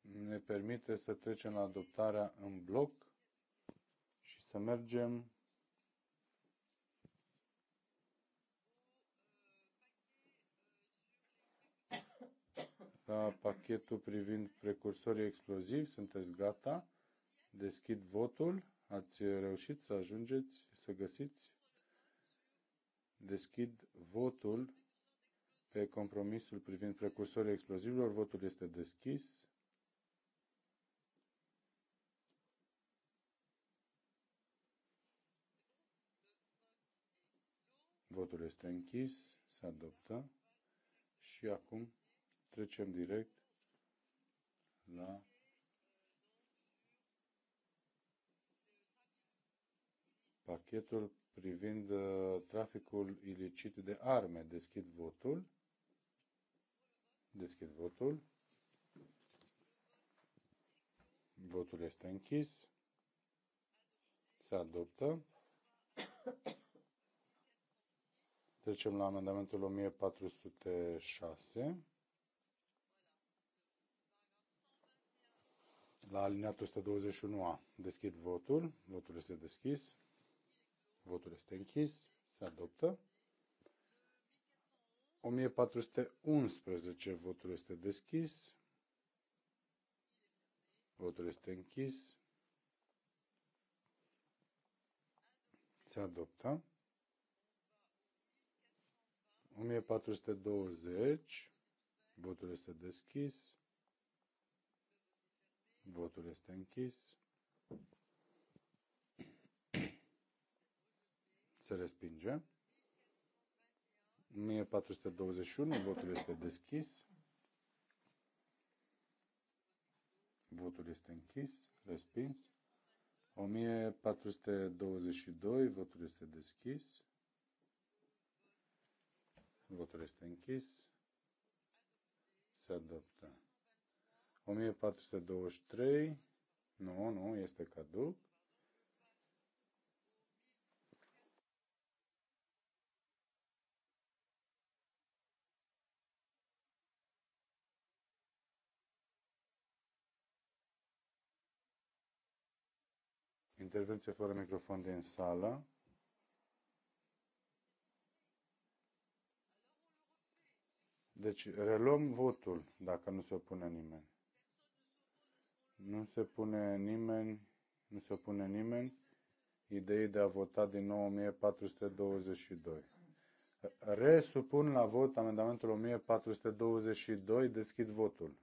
ne permite să trecem la adoptarea în bloc și să mergem la pachetul privind precursorii explozivi. Sunteți gata? Deschid votul. Ați reușit să ajungeți, să găsiți? Deschid votul pe compromisul privind precursorii explozivilor. Votul este deschis. Votul este închis, se adoptă și acum Trecem direct la pachetul privind uh, traficul ilicit de arme. Deschid votul. Deschid votul. Votul este închis. Se adoptă. Trecem la amendamentul 1406. la alineatul 121A. Deschid votul. Votul este deschis. Votul este închis. Se adoptă. 1411. Votul este deschis. Votul este închis. Se adoptă. 1420. Votul este deschis. Votul este închis. Se respinge. 1421. Votul este deschis. Votul este închis. Respins. 1422. Votul este deschis. Votul este închis. Se adoptă. 1423. Nu, nu, este caduc. Intervenție fără microfon din sală. Deci reluăm votul dacă nu se opune nimeni. Nu se pune nimeni, nu se opune nimeni idei de a vota din 9422. Resupun la vot amendamentul 1422. Deschid votul.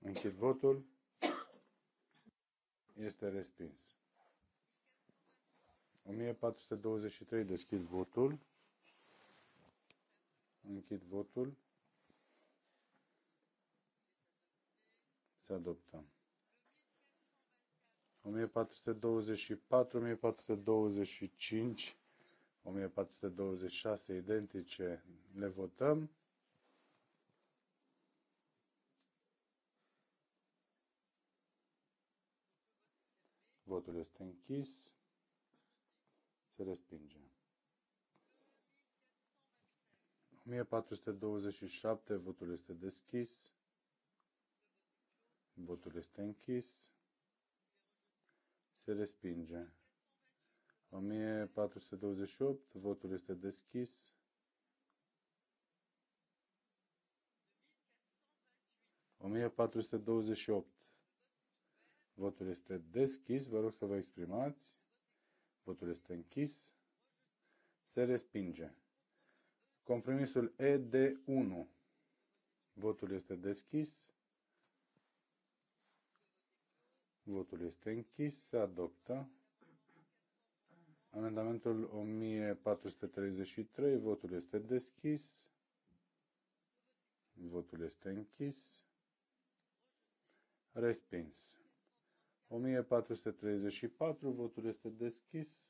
Închid votul. Este respins. 1423. Deschid votul. Închid votul. Se adoptă. 1424, 1425, 1426 identice le votăm. Votul este închis. Se respinge. 1427, votul este deschis. Votul este închis. Se respinge. 1428, votul este deschis. 1428. Votul este deschis, vă rog să vă exprimați. Votul este închis. Se respinge. Compromisul ED1. Votul este deschis. Votul este închis. Se adoptă. Amendamentul 1433. Votul este deschis. Votul este închis. Respins. 1434. Votul este deschis.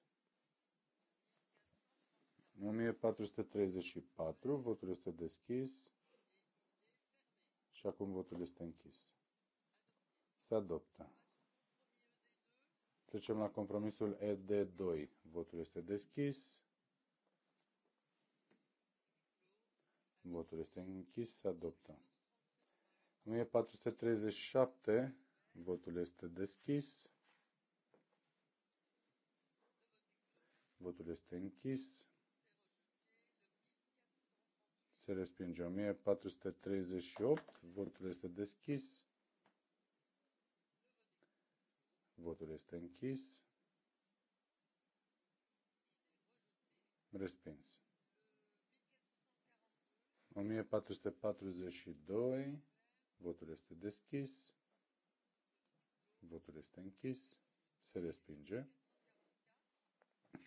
1434. Votul este deschis. Și acum votul este închis. Se adoptă. Trecem la compromisul ED2. Votul este deschis. Votul este închis. Se adoptă. 1437. Votul este deschis. Votul este închis se respinge. 1438, votul este deschis. Votul este închis. Respins. 1442, votul este deschis. Votul este închis. Se respinge.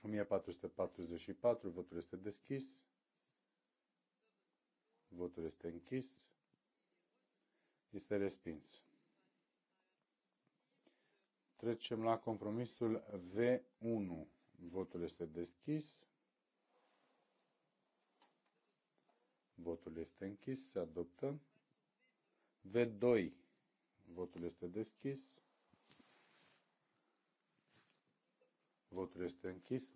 1444, votul este deschis. Votul este închis. Este respins. Trecem la compromisul V1. Votul este deschis. Votul este închis. Se adoptă. V2. Votul este deschis. Votul este închis.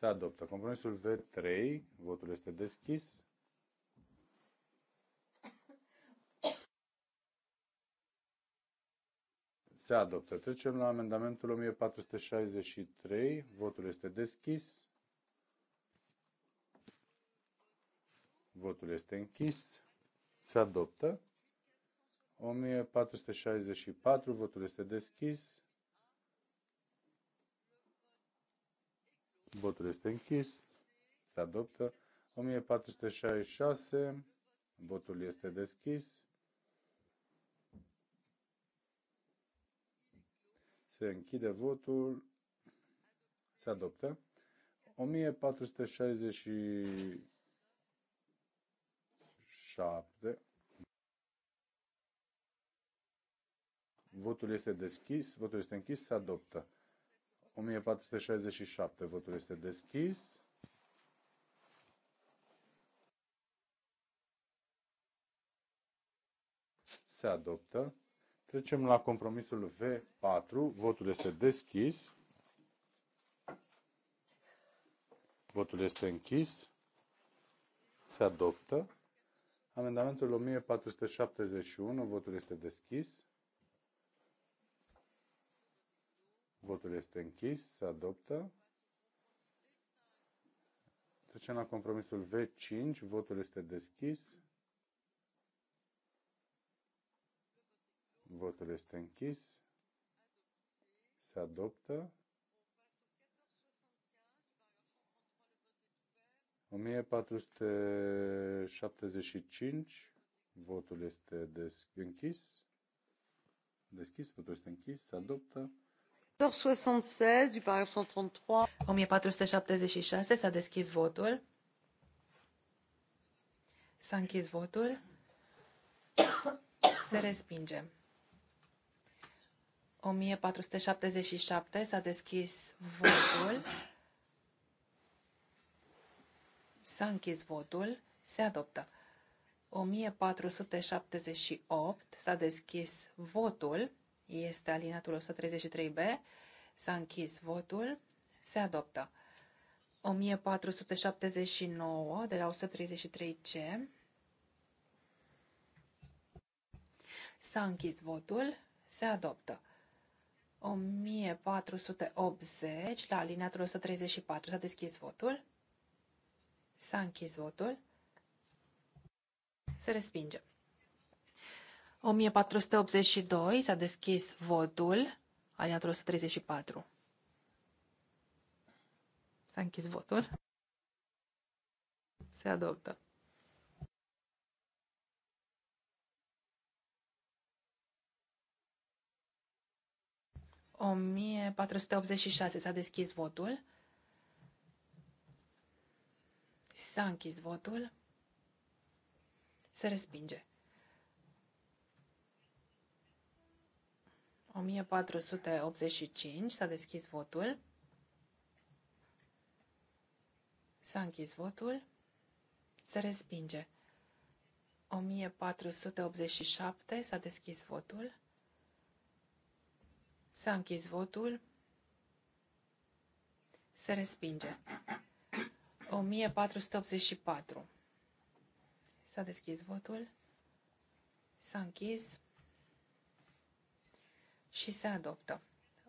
Se adoptă. Compromisul V3, votul este deschis. Se adoptă. Trecem la amendamentul 1463. Votul este deschis. Votul este închis. Se adoptă. 1464. Votul este deschis. Votul este închis. Se adoptă. 1466. Votul este deschis. Se închide votul. Se adoptă. 1467. Votul este deschis, votul este închis, se adoptă. 1467. Votul este deschis. Se adoptă. Trecem la compromisul V4. Votul este deschis. Votul este închis. Se adoptă. Amendamentul 1471. Votul este deschis. Votul este închis. Se adoptă. Trecem la compromisul V5. Votul este deschis. Votul este închis. Se adoptă. 1475. Votul este des închis. Deschis, votul este închis. Se adoptă. 1476 du paragraf 133. 1476 s-a deschis votul. S-a închis votul. Se respinge. 1477 s-a deschis votul. S-a închis votul. Se adoptă. 1478 s-a deschis votul este alinatul 133B. S-a închis votul. Se adoptă. 1479 de la 133C. S-a închis votul. Se adoptă. 1480 la alineatul 134. S-a deschis votul. S-a închis votul. Se respinge. 1482 s-a deschis votul, aliatul 134. S-a închis votul. Se adoptă. O 1486 s-a deschis votul. S-a închis votul. Se respinge. 1485. S-a deschis votul. S-a închis votul. Se respinge. 1487. S-a deschis votul. S-a închis votul. Se respinge. 1484. S-a deschis votul. S-a închis și se adoptă.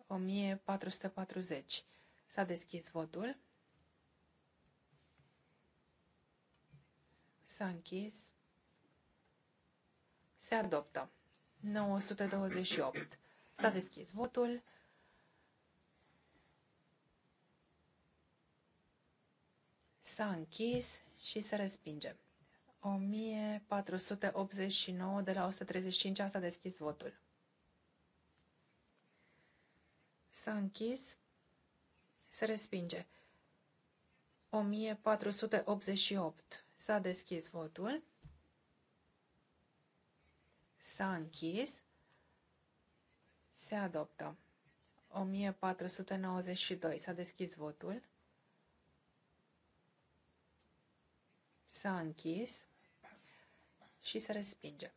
1440. S-a deschis votul. S-a închis. Se adoptă. 928. S-a deschis votul. S-a închis și se respinge. 1489 de la 135 s-a deschis votul. S-a închis. Se respinge. 1488. S-a deschis votul. S-a închis. Se adoptă. 1492. S-a deschis votul. S-a închis și se respinge.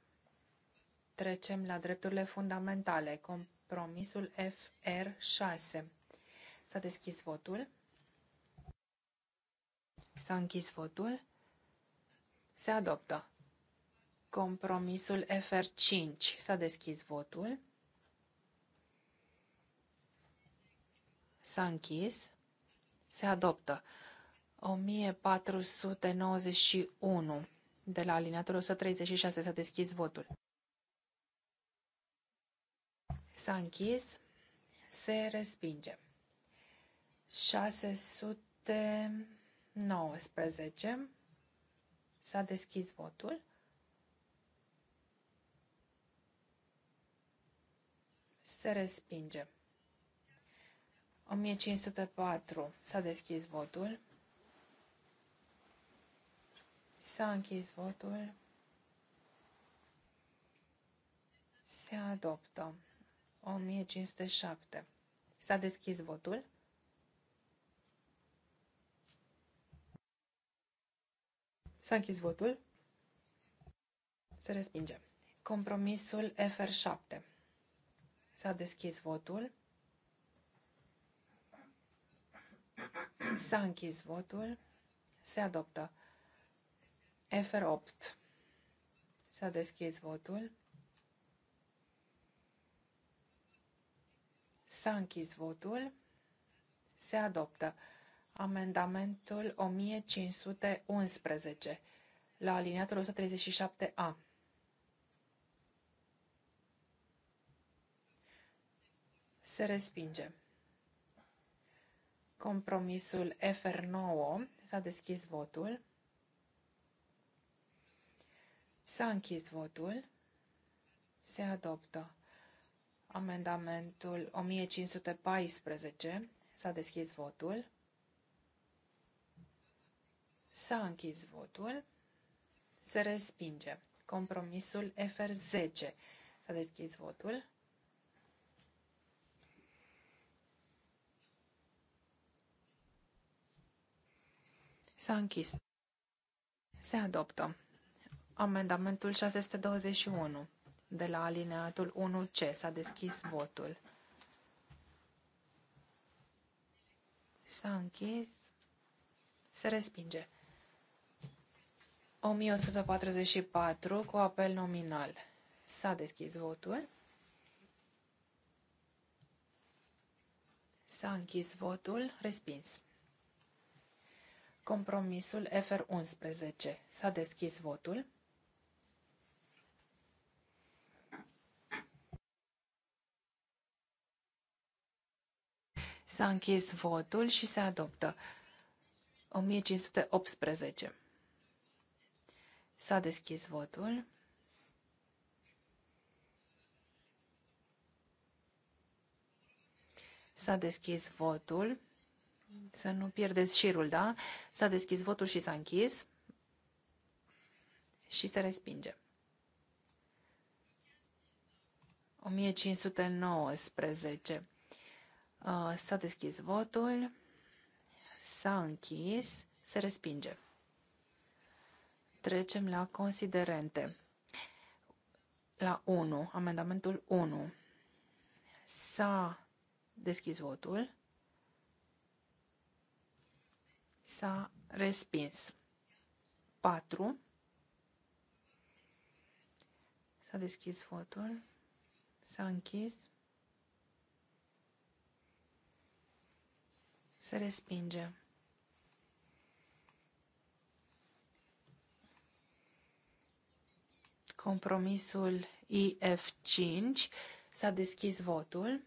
Trecem la drepturile fundamentale. Compromisul FR6. S-a deschis votul. S-a închis votul. Se adoptă. Compromisul FR5. S-a deschis votul. S-a închis. Se adoptă. 1491. De la alineatul 136 s-a deschis votul. S-a închis. Se respinge. 619. S-a deschis votul. Se respinge. 1504. S-a deschis votul. S-a închis votul. Se adoptă. 1507. S-a deschis votul. S-a închis votul. Se respinge. Compromisul FR7. S-a deschis votul. S-a închis votul. Se adoptă. FR8. S-a deschis votul. S-a închis votul. Se adoptă. Amendamentul 1511 la aliniatul 137A. Se respinge. Compromisul FR9 s-a deschis votul. S-a închis votul. Se adoptă. Amendamentul 1514. S-a deschis votul. S-a închis votul. Se respinge. Compromisul FR10. S-a deschis votul. S-a închis. Se adoptă. Amendamentul 621 de la alineatul 1C. S-a deschis votul. S-a închis. Se respinge. 1144 cu apel nominal. S-a deschis votul. S-a închis votul. Respins. Compromisul FR11. S-a deschis votul. S-a închis votul și se adoptă. 1518. S-a deschis votul. S-a deschis votul. Să nu pierdeți șirul, da? S-a deschis votul și s-a închis. Și se respinge. 1519. Uh, s-a deschis votul, s-a închis, se respinge. Trecem la considerente. La 1, amendamentul 1. S-a deschis votul, s-a respins. 4. S-a deschis votul, s-a închis, Se respinge. Compromisul IF5. S-a deschis votul.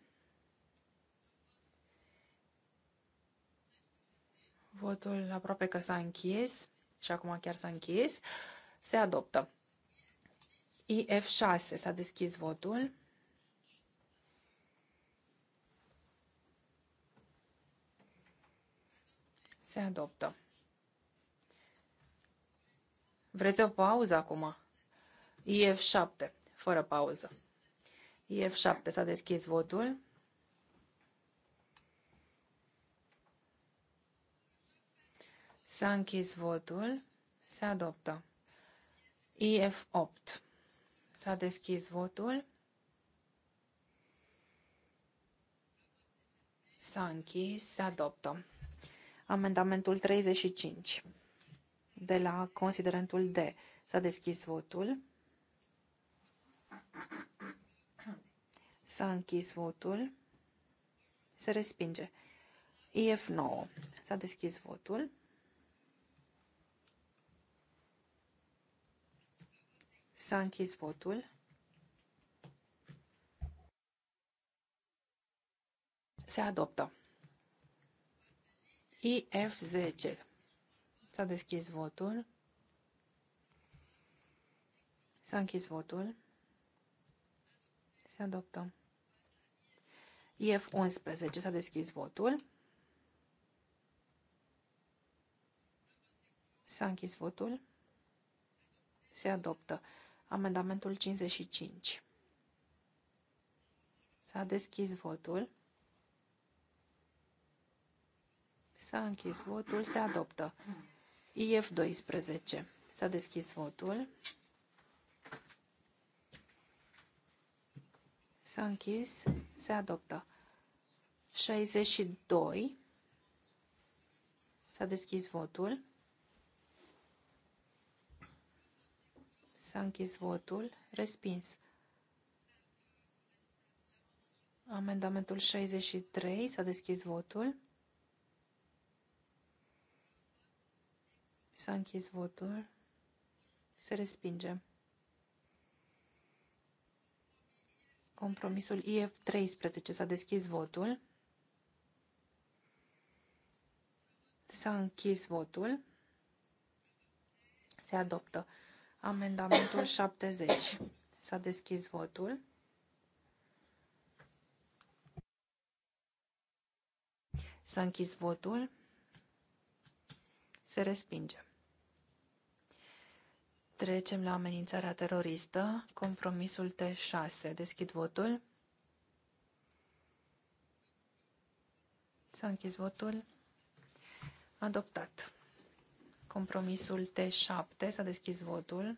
Votul aproape că s-a închis și acum chiar s-a închis. Se adoptă. IF6 s-a deschis votul. Se adoptă. Vreți o pauză acum? IF7, fără pauză. IF7, s-a deschis votul. S-a închis votul. Se adoptă. IF8. S-a deschis votul. S-a închis. Se adoptă. Amendamentul 35 de la considerentul D. S-a deschis votul. S-a închis votul. Se respinge. IF 9. S-a deschis votul. S-a închis votul. Se adoptă. IF10. S-a deschis votul. S-a închis votul. Se adoptă. IF11. S-a deschis votul. S-a închis votul. Se adoptă. Amendamentul 55. S-a deschis votul. S-a închis votul, se adoptă. IF 12. S-a deschis votul. S-a închis, se adoptă. 62. S-a deschis votul. S-a închis votul. Respins. Amendamentul 63. S-a deschis votul. S-a închis votul. Se respinge. Compromisul IF13 s-a deschis votul. S-a închis votul. Se adoptă. Amendamentul 70. S-a deschis votul. S-a închis votul. Se respinge. Trecem la amenințarea teroristă, compromisul T6. Deschid votul. S-a închis votul. Adoptat. Compromisul T7. S-a deschis votul.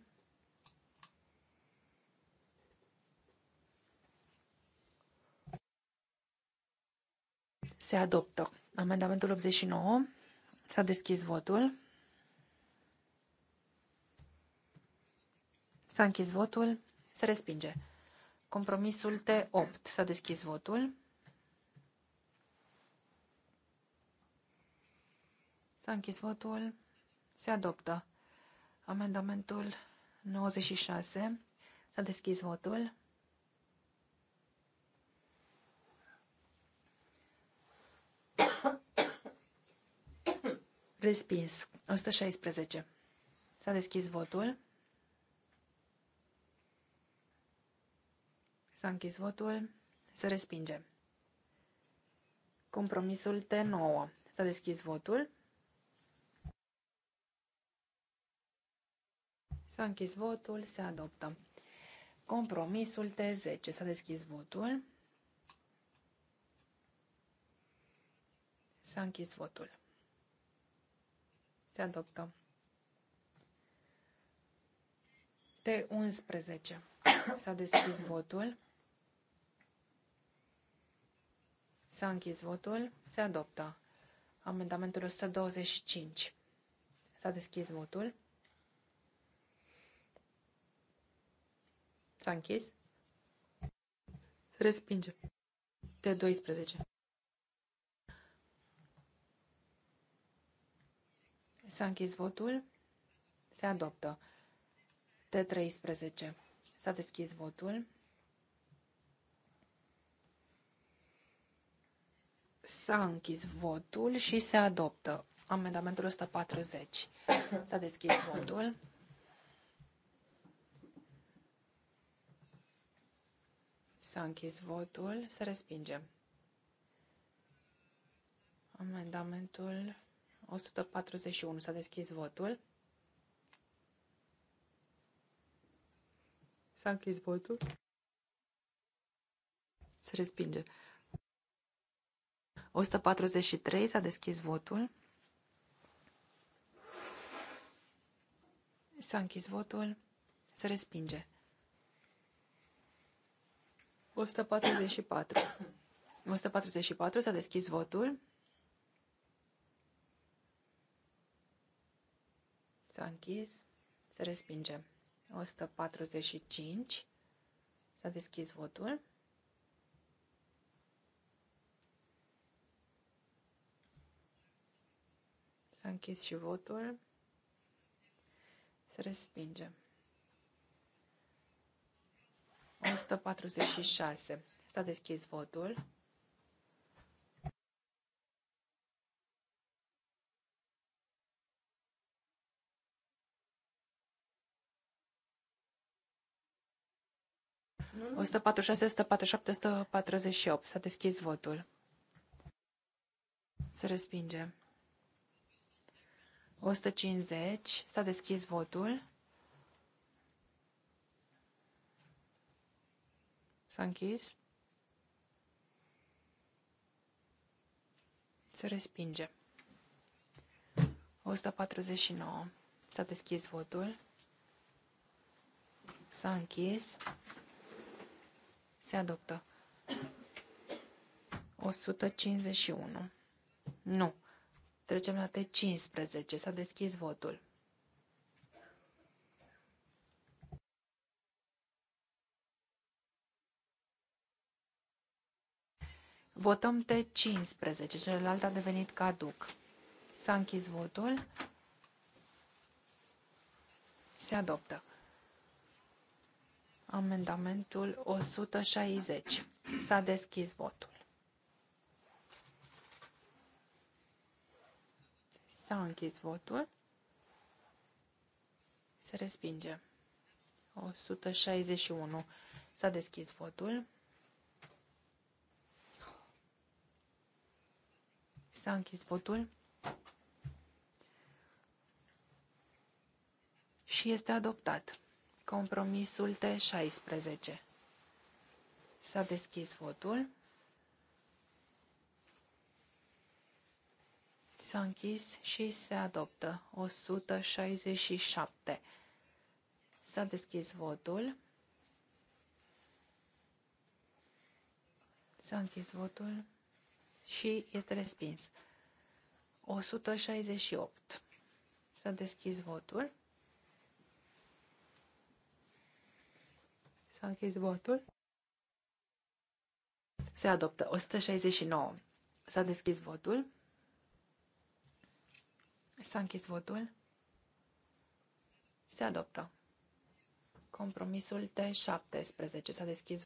Se adoptă. Amendamentul 89. S-a deschis votul. S-a închis votul. Se respinge. Compromisul T8. S-a deschis votul. S-a închis votul. Se adoptă. Amendamentul 96. S-a deschis votul. Respins. 116. S-a deschis votul. S-a închis votul. Se respinge. Compromisul T9. S-a deschis votul. S-a închis votul. Se adoptă. Compromisul T10. S-a deschis votul. S-a închis votul. Se adoptă. T11. S-a deschis votul. S-a închis votul. Se adoptă. Amendamentul 125. S-a deschis votul. S-a închis. Respinge. T12. S-a închis votul. Se adoptă. T13. S-a deschis votul. S-a închis votul și se adoptă amendamentul 140. S-a deschis votul. S-a închis votul. Se respinge. Amendamentul 141. S-a deschis votul. S-a închis votul. Se respinge. 143 s-a deschis votul. S-a închis votul. Se respinge. 144. 144 s-a deschis votul. S-a închis. Se respinge. 145 s-a deschis votul. S-a închis și votul. Se respinge. 146. S-a deschis votul. Mm 146, 147, 148. S-a deschis votul. Se respinge. 150. S-a deschis votul. S-a închis. Se respinge. 149. S-a deschis votul. S-a închis. Se adoptă. 151. Nu. Trecem la T15. S-a deschis votul. Votăm T15. Celălalt a devenit caduc. S-a închis votul. Se adoptă. Amendamentul 160. S-a deschis votul. S-a închis votul. Se respinge. 161. S-a deschis votul. S-a închis votul. Și este adoptat. Compromisul de 16 S-a deschis votul. S-a închis și se adoptă. 167. S-a deschis votul. S-a închis votul și este respins. 168. S-a deschis votul. S-a închis votul. Se adoptă. 169. S-a deschis votul. S-a închis votul. Se adoptă. Compromisul T17. S-a deschis